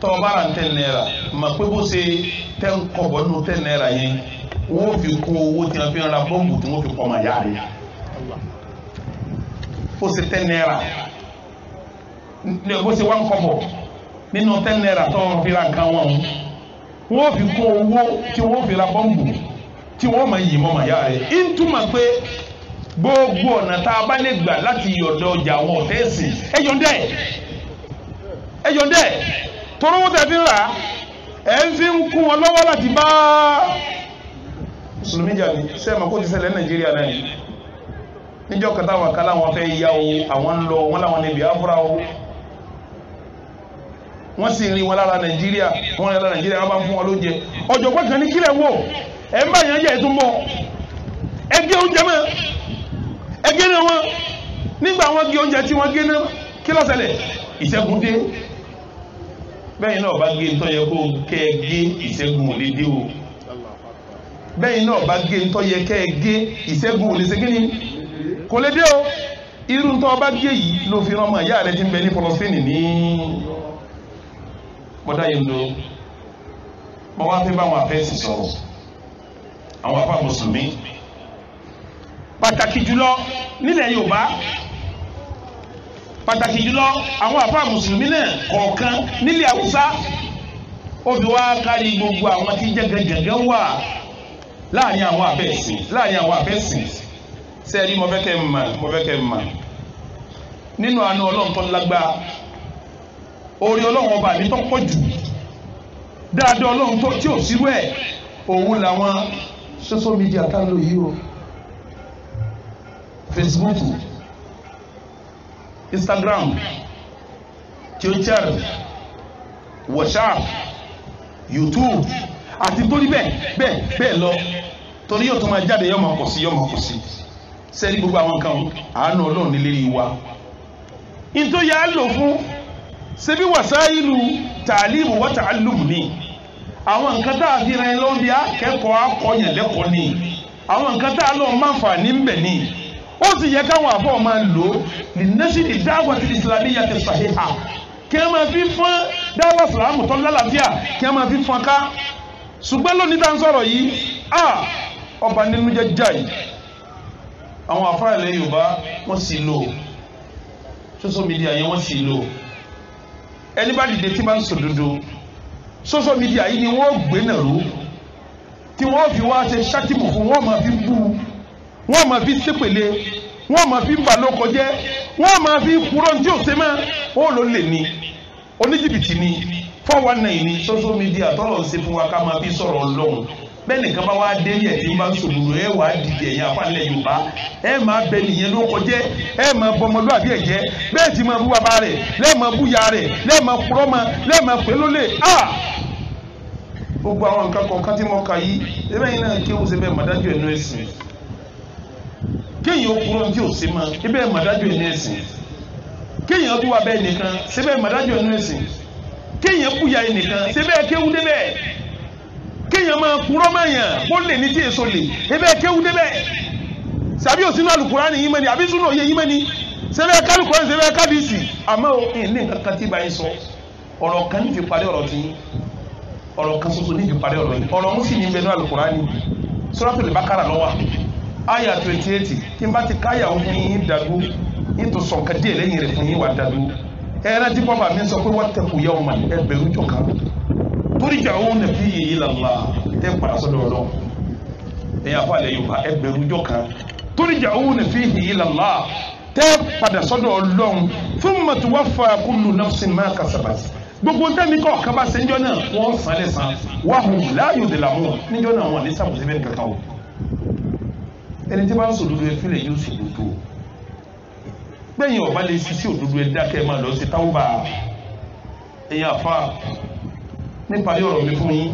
tọ́ ọ bá ra ten naira mà pé bó ṣe ten kọ̀bọ̀ nù ten naira yẹn wọ́n fi kún owó tí wọ́n fi ra bọ́ǹbù tí wọ́n fi pọ̀ mà yára yára kó ṣe ten naira kó ṣe one kọ́bọ̀ nínú ten naira tó wọn fi ra nǹkan wọn wọn fi kó owó tí wọn fi ra bọ́ǹbù tí wọn máa yìí mọ́ màá yá rẹ̀ ìtumọ̀ pé gbogbo ọ̀nà tá a bá lè gbà láti yọ̀dọ̀ ọjà àwọn ọ̀tẹ́ ẹ̀sìn ẹ yọ̀ǹdẹ̀ ẹ yọ̀ǹdẹ̀ torówó tẹ̀ fi rà ẹ̀ fi ń kún wọn lọ́wọ́ láti bá mùsùlùmí jà ní sẹ́ẹ̀mà kó ti ṣẹlẹ̀ ní Nàìjíríà náà níjọ́ kẹta wà ká láwọn fẹ́ yá o àwọn ń lọ wọn láwọn ní Biafra o wọ́n sì rí wọn lára Nàìjíríà wọ́n lára Nàìjíríà wọ́n bá ń fún wọn lóúnjẹ ọ̀jọ̀gbọ́n kan ní kílẹ̀ wò ẹ̀ ń bá yẹn jẹ́ ètò mọ́ ẹ gé oúnjẹ mọ́ ẹ gé ní wọn nígbà wọn gé oúnjẹ tí wọ́n gé ní kí ló ìṣẹ́gun dé bẹ́ẹ̀ náà bá gé ntọ́ yẹ kó kẹ́ ẹ gé ìṣẹ́gun òlé dé o bẹ́ẹ̀ náà bá gé ntọ́ yẹ kẹ́ ẹ gé ìṣẹ́gun òlé ṣe kí ni kò lè dé o irú tó ọba gé yìí ló fi rán ọmọ ìyá rẹ ti ń bẹ ní pọlọsíìnì ní mọ́dá yìí ló mọ́ wá fẹ́ bá àwọn afẹ́sì sọ̀rọ̀ àwọn afá mùsùlùmí pàtàkì jùlọ nílẹ̀ Yorùbá pàtàkì jùlọ àwọn àfáà mùsùlùmí náà kọ̀ọ̀kan nílẹ̀ haúsá obì wa kárí gbogbo àwọn tí jẹ́gẹ́jẹ́gẹ́ wà láàrin àwọn àfẹ́sìn láàrin àwọn àfẹ́sìn sẹ́ẹ̀rí mo fẹ́ kẹ́ ẹ̀ mà mo fẹ́ kẹ́ ẹ̀ mà nínú àánú ọlọ́run tó lágbára orí ọlọ́run ọba mi tó pọ̀ jù dáadáa ọlọ́run tó tí ò sírú ẹ̀ òun làwọn social media tá lò yìí o Facebook Instagram Twitter WhatsApp YouTube àti tó ní bẹ́ẹ̀ bẹ́ẹ̀ bẹ́ẹ̀ lọ torí yóò tó máa jáde yóò máa pọ̀ sí yóò máa sí sẹ́ni gbogbo àwọn nǹkan àánú ọlọ́run nílé wa nítorí yà á lò fún ṣebí wàsáìlú tààlímù wa ni àwọn nǹkan tá a fi ran ẹ lọ́wọ́ bí akẹ́kọ̀ọ́ akọ̀yàn lẹ́kọ̀ọ́ ni àwọn nǹkan tá a lọ máa ń fà ní ń bẹ̀ ni ó sì yẹ káwọn àbọ̀ máa lò ó ní nẹ́sìlì dáwà ti islamiyya ti sàhíhà kí wọ́n máa fi fọ́n dáwà sàlámù tó lálàáfíà kí wọ́n máa fi fọ́n ká ṣùgbọ́n lónìí tá à ń sọ̀rọ̀ yìí ọba nínú jẹ́ jáì àwọn afárá ilẹ̀ yorùbá wọ́n sì lò social media yẹn wọ́n sì lò ẹni bá dìde tí máa ń sòdodo social media yìí ni wọ́n gbé nàró tí wọ́n fi wá ṣe ṣátìmù fún wọ́n máa fi bú wọ́n máa fi ṣépèlé wọ́n máa fi bà ló kọjá wọ́n máa fi kúrò tí ò ṣe ó ló lè ní oníjìbìtì ni four one nine ni social media tọ́lọ̀ ń ṣe fún wa ká máa fi sọ̀rọ̀ ọlọ́run bẹ́ẹ̀ nìkan bá wá dé yẹ̀ ní bá sòmùrù ẹ wàá dìde ẹ̀yìn afánilẹ̀ yorùbá ẹ máa bẹ nìyẹn ló kọjẹ́ ẹ máa bọmọlúwàbí ẹ̀ jẹ́ bẹ́ẹ̀ ti máa bú bàbá rẹ̀ lẹ́ẹ̀ máa bú ya rẹ̀ lẹ́ẹ̀ máa purọ́ mọ́ lẹ́ẹ̀ máa pè lólè á. gbogbo àwọn nǹkan kọ̀ọ̀kan tí mo kà yìí ebe yìí náà kéwù sí bẹ́ẹ̀ màdájọ́ ẹ̀nu ẹ̀sìn kéèyàn kúrò tí ò sí máa ebe màdájọ́ ẹ̀nu ẹ̀sìn kéèyàn tó wà kéèyàn máa kúrọ́ máa yàn kó lè ní tí èso lè ebe kéwu débẹ̀ sàbí òsínú alukurani yìí mẹ́ni àbí sunu òye yìí mẹ́ni sẹ́fẹ́ kálukọ́ni sẹ́fẹ́ kábíyèsí àmọ́ ẹ̀ẹ́nì kankan tí ìbá yín sọ ọ̀rọ̀ kan ní fi parí ọ̀rọ̀ tí ọ̀rọ̀ kan ṣoṣo ní fi parí ọ̀rọ̀ yìí ọ̀rọ̀ ń sì ní bẹ́ẹ̀ alukurani suratul bakara lọ́wọ́ àyà twenty eight tí n bá ti káyà ó fún yín dàdú yín tó sọ̀kadì ẹ̀ lẹ́yìn rẹ̀ fún yín wà dàdú ẹ̀ẹ́rẹ́ tí bọ́ba mi sọ pé wọ́n tẹ̀kù yẹ́ ọmọ ẹ̀ toríjà òun nà fi yìí lọ́la tẹ́ padà sọ́dọ̀ ọ̀dọ́ ẹ̀yà fún àlẹ́ yorùbá ẹgbẹ̀rún jọ kan toríjà òun nà fi yìí lọ́la tẹ́ padà sọ́dọ̀ ọlọ́run fún mọ̀tòwá fa kúlù nọ́ọ̀sì má kasabat gbogbo tẹ́mi kọ́ kaba ṣe níjọ́ náà wọ́n san lẹ́ san wàhùn láàyò de la mọ́ níjọ́ náà wọ́n ní sàbùsí bẹ́ẹ̀ kankan o ẹni tí wọ́n sọ òdodo efílẹ̀ yóò sọ òdodo gbẹ̀yìn ọ̀bá òdodo níparí ọ̀rọ̀ mi fún yín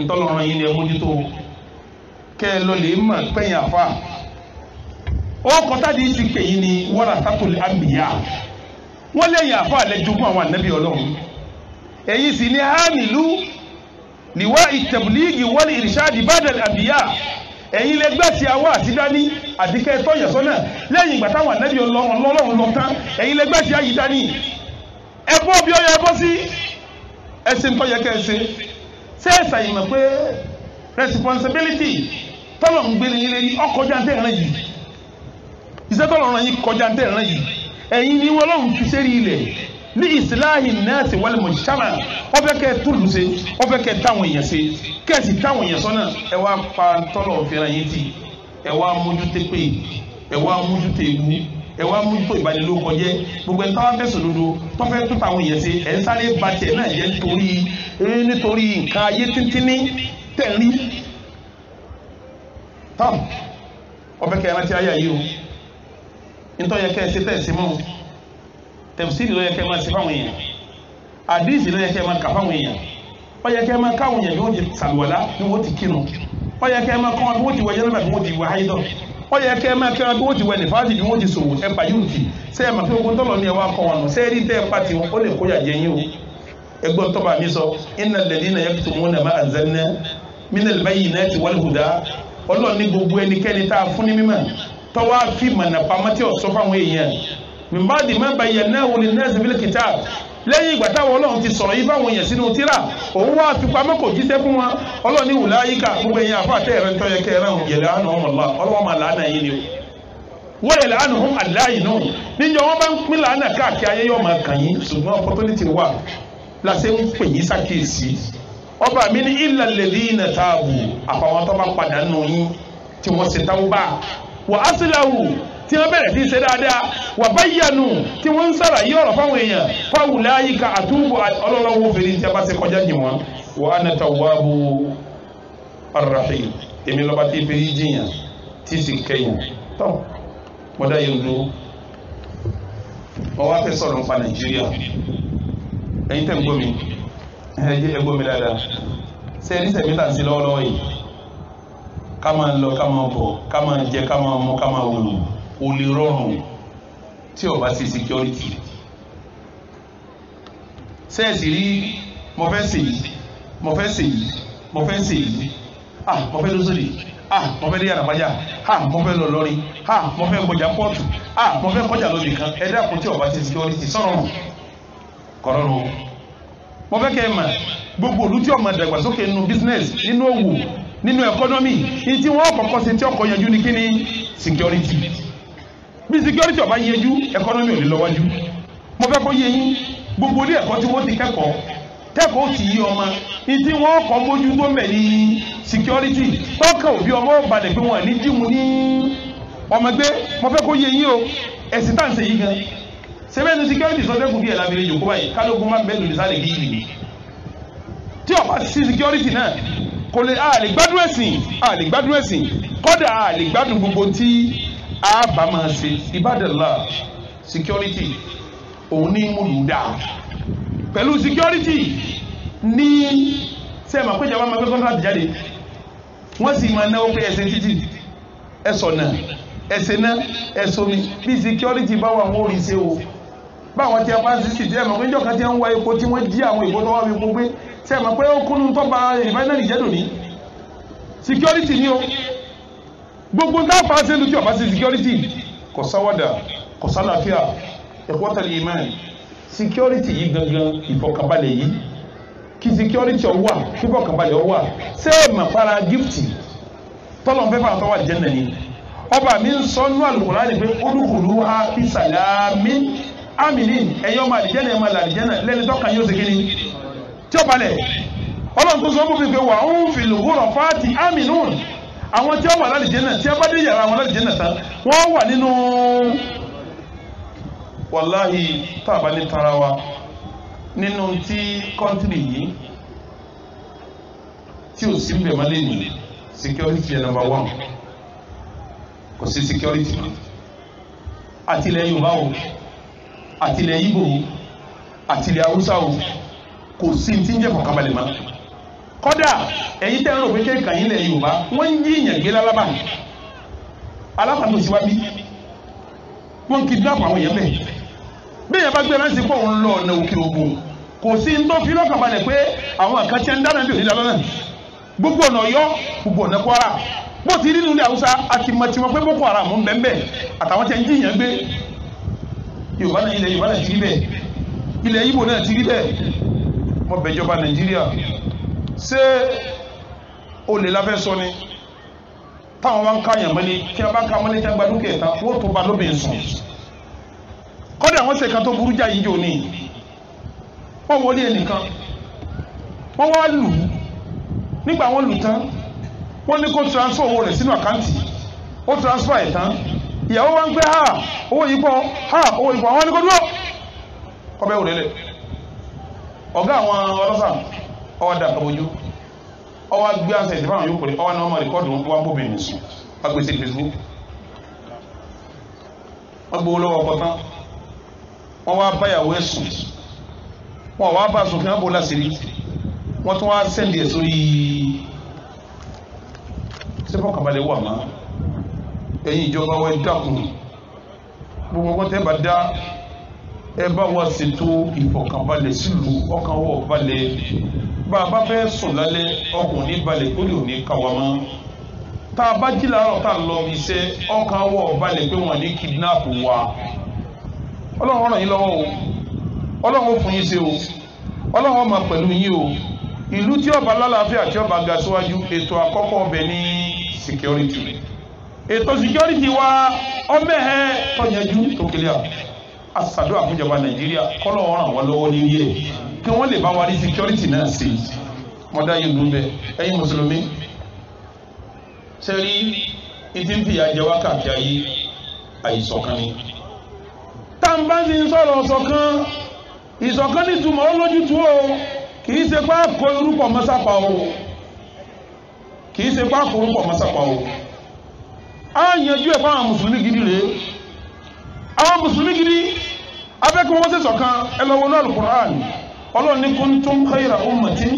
ìtọ́lọ́rọ̀ yín ni ẹ mójútó kẹ́ ẹ lọ lè mọ̀ pẹ́yìn àfa ó kọ́tàdí ti pè yín ní wọ́rà sátòlì àmìyá wọ́n lẹ́yìn àfa àlẹ́jogún àwọn ànábì ọlọ́run èyí sì ni hàmìlú liwa ìtẹ̀bùlíìgì wọ́lì ìrìṣàdì bàdàl àbíyá ẹ̀yin lè gbẹ́ sí awọ́ àtidání àdìkẹ́ tọ́yẹ̀ sọ́nà lẹ́yìn ìgbà táwọn ànábì ọlọ́run lọ́tán ẹ̀yin lè gbẹ́ sí ayídání ẹ̀bọ́ bí ó yẹ ẹ̀bọ́ sí ese tó yẹ kẹsì ṣé ẹ̀sà yìí mọ̀ pé responsibility tọ́lọ̀ ń gbélé yín lérí ọkọjá ń tẹ̀ràn yìí iṣẹ́ tọ́lọ̀ ràn yín kọjá ń tẹ̀ràn yìí ẹ̀yin ni wọ́n lọ́hùn fi sérí ilẹ̀ ní ìsìláhìn náà ti wọlé mọ̀ṣámà ọ̀fẹ́ kẹ́ túlù ẹ wá mójútó ìbanilórúkọ jẹ́ gbogbo ẹni táwọn fẹsẹ̀ lódo tọ́fẹ́ tó táwọn yẹn ṣe ẹ̀ ń sáré ba tiẹ̀ náà jẹ́ nítorí nítorí nǹkan ayé tíntínní tẹ̀ ń rí tán ọbẹ̀ kẹ́ ẹran o nítorí yẹ kẹ́ ẹ ṣe tẹ̀sí mọ́ tẹ̀síìlì ló yẹ kẹ́ ẹ máa ṣe fáwọn èèyàn àdìsí ló yẹ kẹ́ ẹ máa kà fáwọn èèyàn ó yẹ ẹ máa káwọn èèyàn bí wọ́n ti sàlùwàlá bí wọ́n ti kírun ó yẹ ẹ máa kọ́ wọn bí wọ́n ti wọ ó yẹ kẹ́ ẹ máa kẹ́ra bí wọ́n ti wẹ̀ ní fáàtì bí wọ́n ti sòwò ẹ pa yóò tì ṣé ẹ mọ̀ pé ogun tọ́lọ̀ ní ẹ wá kọ́ wọn nù ṣé rí tẹ́ ẹ pa tiwọn ó lè kóyà jẹ yín o ẹgbọ́n tọ́ba mi sọ innal ladina yaktumuna ma anzalna minal bayyinati wal huda ọlọ́run ní gbogbo ẹnikẹ́ni tá a fún ní mímọ̀ tọ́wọ́ á fi mọ̀nà pamọ́ tí ò ma bayyanahu lin-nasi fil kitab lẹ́yìn ìgbà táwọn ọlọ́run ti sọ̀rọ̀ yìí fáwọn èèyàn sínú tíra òun wá àtúpamọ́ kò jíṣẹ́ fún wọn ọlọ́run ní wùlá yíká gbogbo ẹ̀yìn àfáàtẹ́ ẹ̀rẹ́ tọ́yẹ kẹrẹ́ ọ̀hún yẹ̀lẹ́ àánú ọmọ ọlá ọlọ́wọ́n máa làánà yìí ni o wọ́n yẹ̀lẹ́ àánú ọ̀hún àláyé náà níjọ wọn bá ń pín làánà káàkiri ayé yóò máa kàn yín ṣùgbọ́n opportunity wà láṣẹ ń pè yín sàkíyèsí ọba mi ní ìlàlẹ́dínà táàbù àfàwọn tó bá padà nù yín tí wọ́n Wa á síláwù tí wọ́n bẹ̀rẹ̀ ṣe dáadáa wa báyànù ti wọ́n ń yi ọ̀rọ̀ fáwọn èèyàn fáwọn láàyè ká fèrè tí a bá ṣe kọjá jì wọ́n wà á nà tàwábù arrahim èmi lọ́ba fèrè jìyàn ti sì kẹyìn tán mọ́dá yẹn dúró wọ́n wá nípa nàìjíríà ẹ ẹ Kama máa lọ ká máa bọ̀ ká máa jẹ ká máa mu ká máa wòlò ò tí ó bá sí security sẹ́ẹ̀sì rí mo fẹ́ sè yìí mo fẹ́ sè yìí mo fẹ́ sè yìí ah mo fẹ́ lóṣòdì ah mo fẹ́ dé yàrá-bájà ah mo fẹ́ lọ lọ́rí ah mo fẹ́ kọjá pọ́ọ̀tù ah mo fẹ́ kọjá lóde kan ẹ dákun tí ó bá sí security sọ̀rọ̀ kọ̀rọ̀ nù mo fẹ́ kẹ́ ẹ mà gbogbo olú tí ó máa dàgbàsókè nínú business nínú òwò nínú ẹkọ́nọ́mì ní tí wọ́n kọ́kọ́ ṣe tí ọkọ̀ yanjú ni kí security bí security ọba yanjú ẹkọ́nọ́mì ò lè lọ wájú mo fẹ́ kó yé yín gbogbo ilé ẹ̀kọ́ tí wọ́n ti kẹ́kọ̀ọ́ kẹ́kọ̀ọ́ sì yí ọmọ ní tí wọ́n kọ́ mójú tó mẹ̀ ní security tọ́kàn òbí ọmọ ò balẹ̀ pé wọ́n ní dìmú ní ọmọ gbé mo fẹ́ kó yé o ẹ̀sìn tá à ń ṣe gan sẹ́fẹ̀ẹ́nu security sọ́fẹ́ kù bí ẹ̀ lábẹ́rẹ́ yòókù báyìí kálógún má bẹ́ẹ̀ lòdì sálẹ̀ gígìrì tí ọba sí security náà kò lè a lè gbádùn ẹ̀sìn a lè gbádùn ẹ̀sìn kódà a lè gbádùn gbogbo tí a bá máa ṣe ibadallah security òun ní múlùdà pẹ̀lú security ní sẹ́ẹ̀mà pé ìjọba máa gbé contract jáde wọ́n sì máa náwó pé ẹ̀sìn títì ẹ̀sọ̀ náà ẹ̀sìn náà ẹ̀sọ̀ mi bí security bá wà wọ́n rí ṣe o báwọn tí a bá sì sì tí ẹ̀mà pé ìjọba tí wọ́n wá epo tí wọ́n jí àwọn ìbọn lọ́wọ́ mi gbogbo ṣe mọ̀ pé ó kúnnú tó ba rìfáínárì jẹ́ lónìí security ni o gbogbo náà fà á sẹ́nu tí ọba ṣe security kò sáwọ́dà kò sálàáfíà ẹ̀kọ́ tẹ̀lé imán security yìí gangan ìfọkànbalẹ̀ yìí kí security ọ wà kí ìfọkànbalẹ̀ ọ wà ṣe mọ̀ para gift tọ́lọ̀ fẹ́ fà á tọ́wà jẹ́ nàní ọba mi ń sọ nú àlùkùránì pé olùkùlù ha fi sàlámì amìlín ẹ̀yọ́ máa lè jẹ́ náà ẹ̀ máa lè jẹ́ náà lẹ́ni tọ́ka yóò ṣe kí ni tí ó balẹ̀ ọlọ́run tó sọ fún mi pé wà ń fi lòwúrọ̀ fáàtì aminu àwọn tí wọ́n wà lálejò náà tí a bá dé yàrá wọn lálejò náà tán wọ́n wà nínú wàláhì tá a bá ní tara wa nínú tí kọ́ńtìrì yìí tí ò sí bẹ̀rẹ̀ máa lè nì security yẹn number one kò sí security àtìlẹ̀ Yorùbá o àtìlẹ̀ Ìgbò o àtìlẹ̀ Haúsá o. kò sí ti ń jẹ́ fọkànbalẹ̀ ma. kọ́dà ẹ̀yin tẹ́ ń rò pé kéèkà Yorùbá wọ́n ń yí ìyàn gbé lálábà alábàánú síwájú wọ́n kì í dáàbò àwọn èèyàn bẹ́ẹ̀ bẹ́ẹ̀ yẹn bá gbé lọ ọ̀nà òkè kò sí ń tó fi pé àwọn àkàtì ẹ̀ ń gbogbo ọ̀nà Ọ̀yọ́ gbogbo ọ̀nà Kwara bó ti rí Haúsá tiwọn pé Boko Haram ń bẹ́ẹ̀ àtàwọn ń jí ìyàn gbé Yorùbá náà ilẹ̀ Yorùbá náà ti rí bẹ́ẹ̀ ilẹ̀ mo bẹ̀jọba nàìjíríà ṣé olè la fẹ́ sọ ni táwọn bá ń ká yàn mọ́lé kí wọ́n bá ń ká mọ́lé kí wọ́n gba dúkìá ta wọ́n tó ba lóbìn sùn kọ́dà wọ́n ṣe kan tó burú jáì jò ní wọ́n wọlé ẹnìkan wọ́n wá lù ú nígbà wọ́n lù tán wọ́n ní kó transfer owó rẹ̀ sínú àkáǹtì ó transfer ẹ̀ tán ìyàwó wa ń gbé ha owó yìí pọ̀ ha owó yìí pọ̀ àwọn ẹni kò dúró kọ́ bẹ́ẹ̀ ọ̀gá àwọn ọlọ́sàn ọwọ́ dà kàbójú ọwọ́ gbé àṣẹ ìdìbò àwọn yòókù rẹ̀ ọwọ́ náà wọ́n rẹ̀kọ́dù wọn wọ́n bóbi nìsú wọ́n gbé sí Facebook wọ́n gbowó lọ́wọ́ ọkọ̀ tán wọ́n wá báyàwó ẹ̀sùn wọ́n wá bá sùn kí wọ́n bó láṣìírí wọ́n tún wá sẹ́ndì ẹ̀ sórí sẹ́fọ́ kàbalẹ̀ wà má ẹ̀yin ìjọba wọ́n dákun gbogbo ọgbọ́n tẹ́ bá dá ẹ bá wa ṣètò ìfọ̀kànbalẹ̀ sílùú ọkàn wọ̀ balẹ̀ bá a bá fẹ́ sùn lálẹ́ ọkùn ní balẹ̀ kó lè ní káwa mọ́ tá a bá jí làárọ̀ tá a lọ iṣẹ́ ọkàn wọ̀ balẹ̀ pé wọ́n ní kidnap wa ọlọ́run ràn yín lọ́wọ́ o ọlọ́run fún yín ṣe o ọlọ́run máa pẹ̀lú yín o ìlú tí ọba lálàáfíà tí ọba ga síwájú ètò àkọ́kọ́ ọbẹ̀ ní security ètò security wa ọmọ ẹ̀hẹ́ tọ́jú tó kílíà asàdó àkójọba nàìjíríà kọ́lọ̀ wọn ràn wọ́n lọ́wọ́ lórí ẹ̀ kí wọ́n lè bá wa rí security náà sí i mọ́dá yìí dùn bẹ́ẹ̀ ẹ̀yin mùsùlùmí sẹ́rí ìdí ń fìyà jẹ wákàtí ayé àìṣọ̀kan ni.
tàǹbà ti ń sọ̀rọ̀ ọ̀ṣọ̀kan
ìṣọ̀kan ní ìtumọ̀ ó lójútu o kì í ṣe pé àkó irúpọ̀ mọ́sápá o kì í ṣe pé àkó irúpọ̀ mọ́sápá o á yanjú ẹ̀ fáwọn mùsùlùmí gidi rèé àwọn mùsùlùmí gidi afẹ́kùn wọ́n sẹ̀sọ̀ kan ẹ lọ wọnú alukur'an ọlọ́run ní kuntum khayra ummatin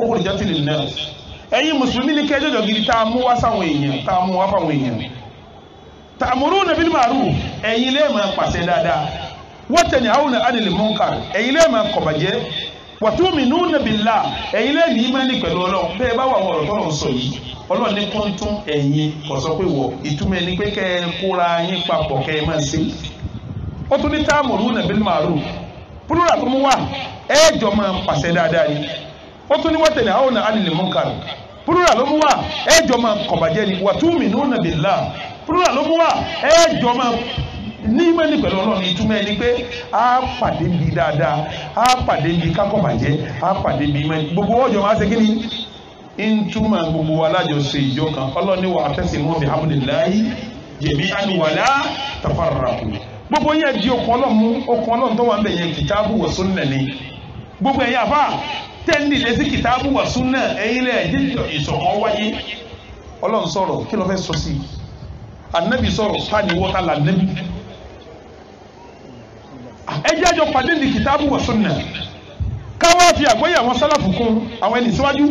ukhrijat mùsùlùmí ní kẹjọ́jọ́ gidi tá a mú wá sáwọn èèyàn tá a mú wá fáwọn èèyàn ta'muruna bil ma'ruf ẹ̀yin lè máa pàṣẹ dáadáa munkar ẹ̀yin lè máa kọ̀bàjẹ́ wa billah ẹ̀yin lè ní ní pé ó tún ní táàmù rú nàbí màrú púlùrà tó mú wá ẹ̀ẹ́jọ máa ń pàṣẹ dáadáa ni ó tún ní wọ́n tẹ̀lé àwọn àlìlẹ̀ mọ́kàrù púlùrà ló mú wá ẹ̀ẹ́jọ máa kọ̀bàjẹ́ ni wà túmì ní ònà bìlá púlùrà ló mú wá ẹ̀ẹ́jọ máa ní mẹ́ni pẹ̀lú ọlọ́run ìtumọ̀ ẹni pé a pàdé bí dáadáa a pàdé bí kákọ̀bàjẹ́ a pàdé bí mẹ́ni gbogbo ọjọ́ máa ṣe kí ni ntuma gbogbo alájọsọ ìjọ kan ọlọ́ni wà á tẹ̀sí mọ́ bí hamdulilayi jẹ̀bi àni wàlá tafarraku gbogbo yẹn di okùn ọlọ́mú okùn ọlọ́mú tó wà ń yẹn kìtàbù wa sunna ni gbogbo ẹ̀yà àbá tẹ́ǹdì létí kìtàbù wa sunna ẹ̀yin lẹ̀ jíjọ ìṣọ̀kan wáyé ọlọ́run sọ̀rọ̀ kí ló fẹ́ sọ sí i ànábì sọ̀rọ̀ pani wọ́tà lànàbì ẹ jẹ́ àjọ pàdé ní kìtàbù wa sunna káwọn fi àgbọ́yé àwọn sálàfù kún àwọn ẹni síwájú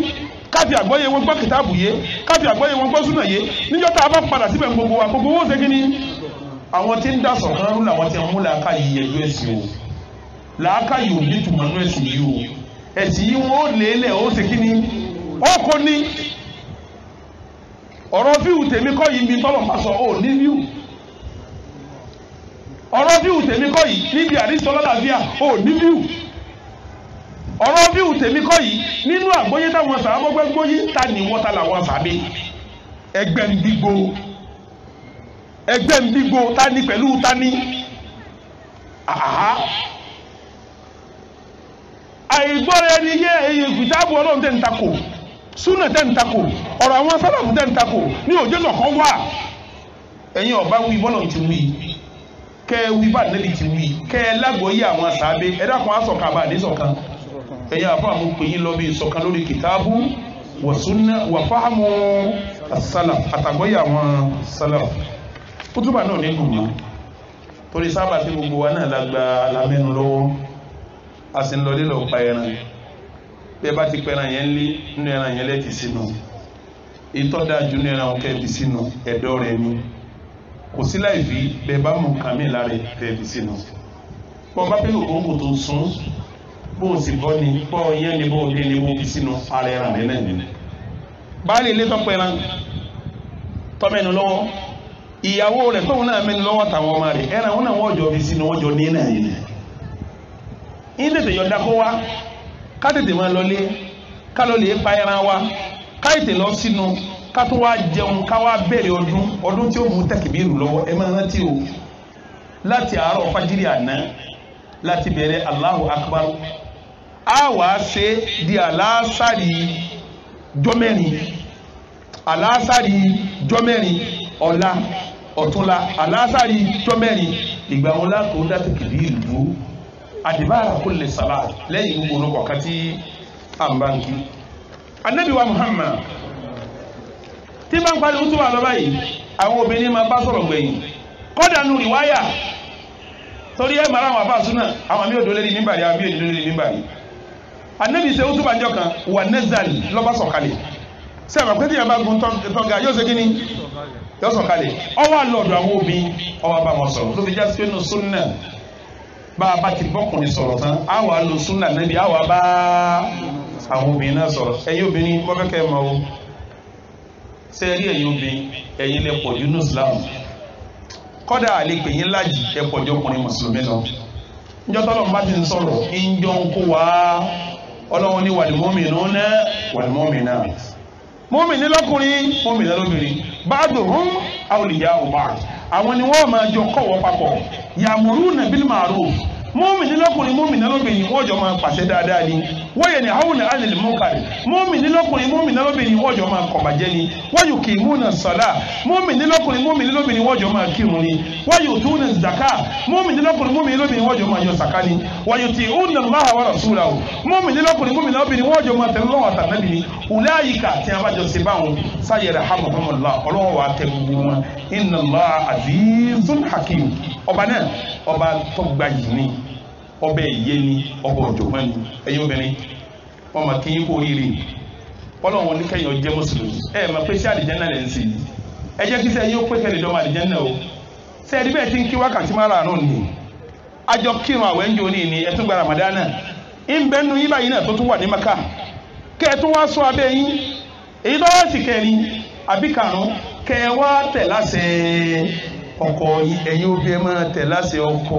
káfí àgbọ́yé wọn gbọ́ kìtàbù yé káfí àgbọ́yé wọn gbọ́ súnà yé níjọ́ tá a bá padà síbẹ̀ gbogbo wa gbogbo owó ṣe kí ni àwọn tí ń dàsọ̀ kan rú làwọn tí ń mú làákàyè yẹjú ẹ̀sìn o làákàyè ò ní tùmọ̀ nú ẹ̀sìn yìí o ẹ̀sìn yìí wọn ó lélẹ̀ ó ṣe kí ni ó kó ní ọ̀rọ̀ fíìwù tèmi kọ́ yìí mi tọ́lọ̀ máa sọ ó ní fíìwù ọ̀rọ̀ fíìwù tèmi kọ́ yìí níbi àdìsọ́lọ́làbíà ó ní fíìwù ọ̀rọ̀ fíìwù tèmi kọ́ yìí nínú àgbóyé táwọn sàábọ́gbẹ́gbóyé ni wọ́n ta làwọn sàábé ẹgbẹ́ ń gbígbó ẹgbẹ́ ń bígbó tani pẹ̀lú tani àìgbọ́ra ẹni yé èyí kìtàbù ọlọ́run tẹ̀ ń takò súnà tẹ̀ ń takò ọ̀rọ̀ àwọn sálàfù tẹ̀ ń takò ní òjò lọ́kọ́ wà ẹ̀yin ọ̀bá wí bọ́lọ̀ ti wí kẹ́ ẹ wí bá nẹ́bí ti wí kẹ́ ẹ lágbóyè àwọn sàábé ẹ dákun àsọ̀kan àbá àdésọ̀kan ẹ̀yin àbá àmú pè yín lọ bí ìsọ̀kan lórí kìtàbù wà súnà wà fáàmù sálàf àtàgbọ́yè àwọn sálàf kútùbà náà nínú mọ́ torí sábà tí gbogbo wa náà lágbà alámẹ́nu lọ́wọ́ a sì ń lọ lílọ pa ẹran bí ẹ bá ti pẹran yẹn lé nínú ẹran yẹn lẹ́tì sínú ìtọ́dá ju nínú ẹran kẹ́ẹ̀bì sínú ẹ̀dọ́ rẹ̀ ni kò sí láì fi bẹ́ẹ̀ bá mú kàmí lára kẹ́ẹ̀bì sínú bọ́n bá pẹ́lú òkòǹkò tó sún bó o sì bọ́ ni bọ́ yẹn ni bó o dé ni bó o fi sínú ara ẹran rẹ̀ náà nìyẹn. báyìí ilé tọ́pẹ́ ẹran tọ́mẹ́nu lọ́wọ́ ìyàwó rẹ̀ pé òun náà mẹ́ni lọ́wọ́ tàwọn ọmọ rẹ̀ ẹ̀rọ àwọn náà wọ́n jọ fi sínú wọ́n jọ ní náà yìí nà ń tètè yọ̀ǹda kó wa ká tètè máa lọlé ká lọ lè pa ẹran wa ká tètè lọ sínú ká tó wá jẹun ká wá bẹ̀rẹ̀ ọdún ọdún tí ó mú tẹ̀kìbírù lọ́wọ́ ẹ máa rántí o láti àárọ̀ fajiri àná láti bẹ̀rẹ̀ Allahu Akbar a wà á ṣe di aláṣàrí jọmẹ́rin aláṣàrí jọmẹ́rin ọ̀la ọ̀túnla alásàrí jọ́mẹ́rin ìgbà wọn lákò ó dàtí kìlì ìlú àdìbára kò lè sàlá lẹ́yìn gbogbo orúkọ kan tí à wa Muhammad tí máa ń parí ó tún wà lọ́ba yìí àwọn obìnrin máa bá sọ̀rọ̀ gbẹ̀yìn kọ́dà nù ìwáyà torí ẹ̀ màrà àwọn àbáṣú náà àwọn àmì òdò lẹ́ni mímbàrí àmì òdò lẹ́ni mímbàrí. Ànábì ṣe ó tún kan wà nẹ́zàlì lọ́ba sọ̀kalẹ̀ sẹ́wọ̀n pé yàrá bá gun tọ́ga yóò ṣe kí ni yọsọ sọ̀ kalẹ̀ ọwọ́ àwọn òbí ọwọ́ bá wọn sọ̀rọ̀ tó fi já sí nù súnà bá a bá ti bọ́kùnrin sọ̀rọ̀ tán á wà lọ súnà níbi á wà bá àwọn náà sọ̀rọ̀ ẹ̀yin obìnrin mọ́kẹ́kẹ́ mọ́ o ṣe rí ẹ̀yin obìnrin ẹ̀yin lẹ pọ̀ jù ní Islam kọ́dà yín lájì ẹ pọ̀ jù ọkùnrin mọ́mìnì lọ́kùnrin mọ́mìnì lọ́bìnrin báàdùn hún àwòlìyá ọba àwọn ni wọ́n máa jọ kọ́wọ́ papọ̀ yàmùrú nàbílì màrúf mọ́mìnì lọ́kùnrin mọ́mìnì lọ́bìnrin wọ́n jọ máa pàṣẹ dáadáa ni wọ́n yẹn ní àwọn ní alẹ́ mọ́kàrí mọ́mìnì lọ́kùnrin mọ́mìnì lọ́bìnrin wọ́n jọ máa kọ̀bàjẹ́ ni wọ́n yóò kì í múnà sọ̀lá mọ́mìnì lọ́kùnrin mọ́mìnì lọ́bìnrin wọ́n jọ máa kírun ni wọ́n yóò tún ní zaka mọ́mìnì lọ́kùnrin mọ́mìnì lọ́bìnrin wọ́n jọ máa yọ saka ni wọ́n yóò ti ń nà máa wà rasúlà o mọ́mìnì lọ́kùnrin inna Allah azizun hakim ọba náà ọba tọgba yìí ni ọba ẹyẹ ni ọba ọ̀jọ̀gbọ́n ni ẹ̀yin obìnrin wọn máa kéyìn kó rírì Ọlọ́run wọn ní kẹyìn ọjẹ mùsùlùmí ẹ máa pèsè àlìjánná lẹ ń sè yìí jẹ́ kí sẹ yóò pèsè àlìjọba àlìjánná o sẹ ẹni bẹ́ẹ̀ ti ń kí wákàtí márààrún ni àjọ kírun àwẹ̀ ń jò ní ni ẹ tún gba ramadana ń bẹ nu yín báyìí náà tó tún wà ní maka kẹ ẹ tún wá sọ abẹ yín èyí tó wá sì kẹrin àbí karùnún kẹ ẹ wá tẹ̀ láṣẹ ọkọ ẹ̀yin obìnrin máa tẹ̀ ọkọ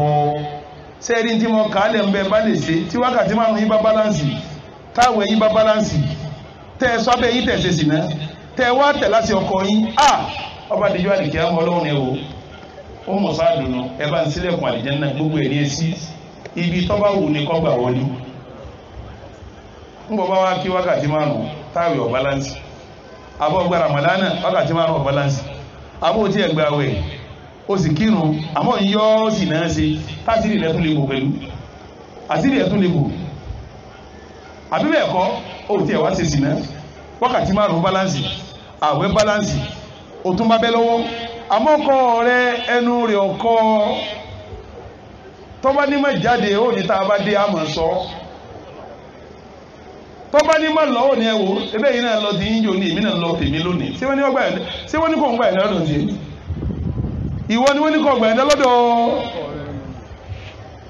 sẹ́ẹ̀rí tí mo kà á lẹ̀ ń bẹ bá lè ṣe tí wákàtí márùn yín bá báláǹsì táwọn ẹ̀yin bá báláǹsì tẹ́ ẹ sọ́bẹ̀ yín tẹ̀ ṣe sì ná ẹ wá ọkọ yín a ọba àdìjọ́ àdìkẹ́ ọmọ ọlọ́run ẹ wò ó sáà dùnú ẹ bá ń gbogbo ibi tó wù wọlé ń bọ̀ bá wá kí wákàtí márùn táwọn wákàtí márùn tí gbà wẹ̀ o sì kírun àmọ́ ń yọ́ ó sì náà ṣe tásìrì rẹ̀ tún lè bò pẹ̀lú àsìrì rẹ̀ tún lè bò àbí bẹ́ẹ̀ o tiẹ̀ wá ṣe sì náà wákàtí márùn balance àwẹ̀ balance o tún bá bẹ́ lọ́wọ́ àmọ́ kọ́ rẹ ẹnu rẹ̀ ọkọ́ tọ́ba ní má jáde ó ní tá a bá dé àmọ̀ sọ tọ́ba ní má lọ́wọ́ ní ẹ̀wò ebe yìí náà lọ ti ń yọ ní èmi náà lọ tèmi lónìí ṣé wọ́n ní kò ń gbà ẹ̀ lọ́dọ̀ tiẹ̀ ìwọ ni wọ́n ní kọ́ gbẹ̀ndẹ́ lọ́dọ̀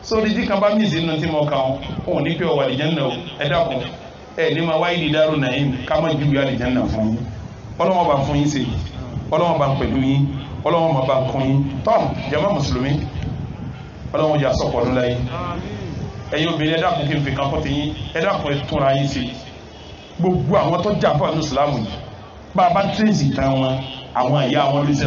sórí jí kan bá mí ìsìn náà tí mo kà wọn òun ní pé ọwọ́ àlìjẹ́nà ẹ dàpọ̀ ẹ ní ma wáyé dídárò nàìm ká má ju àlìjẹ́nà fún yín ọlọ́wọ́n bá fún yín ṣe ọlọ́wọ́n bá pẹ̀lú yín ọlọ́wọ́n bá kún yín tọ́m jàmá mùsùlùmí ọlọ́wọ́n yà sọ̀pọ̀ lọ́la yín ẹ̀yin obìnrin ẹ dàpọ̀ kí n fi kan pọ́tẹ́ yín ẹ dàpọ̀ ẹ túnra yín ṣe gbogbo àwọn tó jà fún àwọn ìsìlámù yìí bá a bá tẹ̀sí tán wọn àwọn ẹ̀yà wọn ló ṣe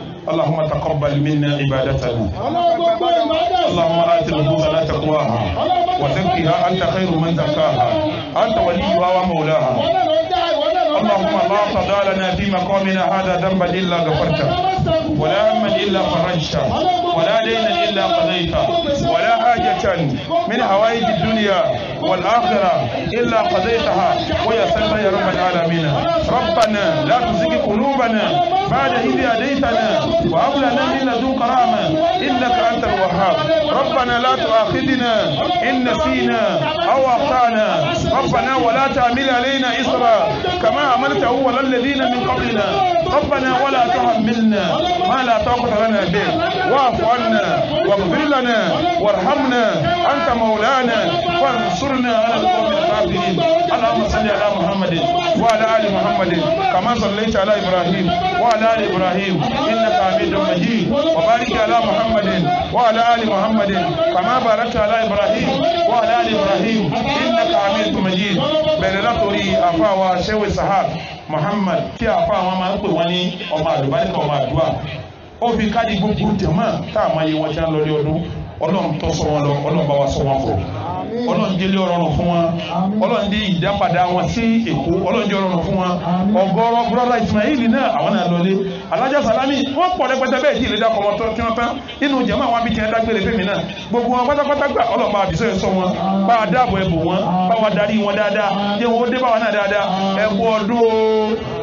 اللهم تقبل منا عبادتنا
اللهم آت نفوسنا تقواها وزكها أنت خير من زكاها أنت وليها ومولاها اللهم لا تدع لنا في
مقامنا هذا ذنبا إلا غفرته ولا هما إلا فرجته ولا دينا إلا قضيته ولا حاجة من حوائج الدنيا والآخرة إلا قضيتها ويسرت يا رب العالمين ربنا لا تزغ قلوبنا بعد إذ هديتنا وهب لنا من لدنك رحمة إنك أنت الوهاب ربنا لا تؤاخذنا إن نسينا أو أخطأنا ربنا ولا تعمل علينا إصرا كما عملت أول الذين من قبلنا ربنا ولا تحملنا ما لا طاقة لنا به واعف عنا واغفر لنا وارحمنا أنت مولانا فانصرنا وانصرنا على القوم الكافرين اللهم صل على محمد وعلى ال محمد كما صليت على ابراهيم وعلى ال ابراهيم انك حميد مجيد وبارك على محمد وعلى ال محمد كما باركت على ابراهيم وعلى ال ابراهيم انك حميد مجيد bẹ̀rẹ̀ látòrí àfa wa ṣẹ́wé sahab muhammad tí àfa wọn máa ń pè wọn ní ọmọ àlùbáríkà ọmọ àdúrà ó fi káàdì gbogbo jẹ̀mọ́ tá a máa yẹ wọn tí wọ́n ọdún ọlọ́run tó sọ wọn lọ ọlọ́run bá wa sọ wọn bọ̀ ọlọ́run jẹ́lé ọ̀rọ̀rùn fún wọn ọlọ́run dí ìdápadà wọn sí èkó ọlọ́run jẹ́ ọ̀rọ̀rùn fún wọn ọgọ́rọ̀ búrọ́dà Ismail náà àwọn náà lọlé alájà Salami wọn pọ̀ rẹpẹtẹ bẹ́ẹ̀ tí ìlédà kọ́ wọn tó kí wọn tán inú jẹ̀mọ́ àwọn abijẹ́ dágbére fèmí náà gbogbo wọn pátápátá gbà ọlọ́run bá àbísọ̀ ẹ̀ sọ wọn bá a dáàbò ẹ̀bù wọn bá wa darí wọn dáadáa jẹ́ wọn ó dé bá wa náà dáadáa ẹ ọdún o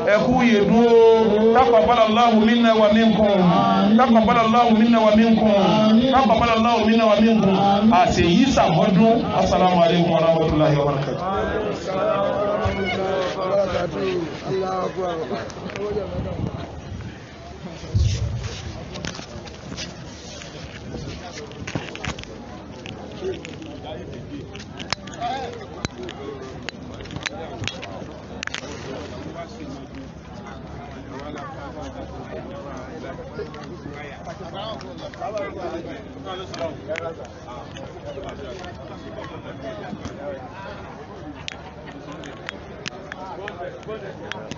ẹkú yèdú o taqabbal Allahu minna wa minkum taqabbal Allahu minna wa minkum taqabbal Allahu minna wa minkum àṣeyí sàbọ̀dún assalamu alaykum wa rahmatullahi wa barakatuh. Thank you. Thank you.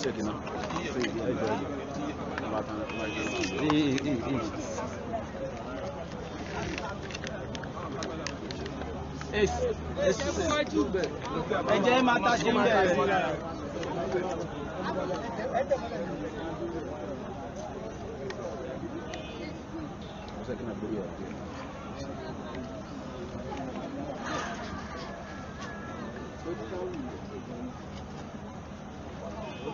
É, ẹjẹ máa ta ṣe ń bẹ̀rẹ̀.
Thank you.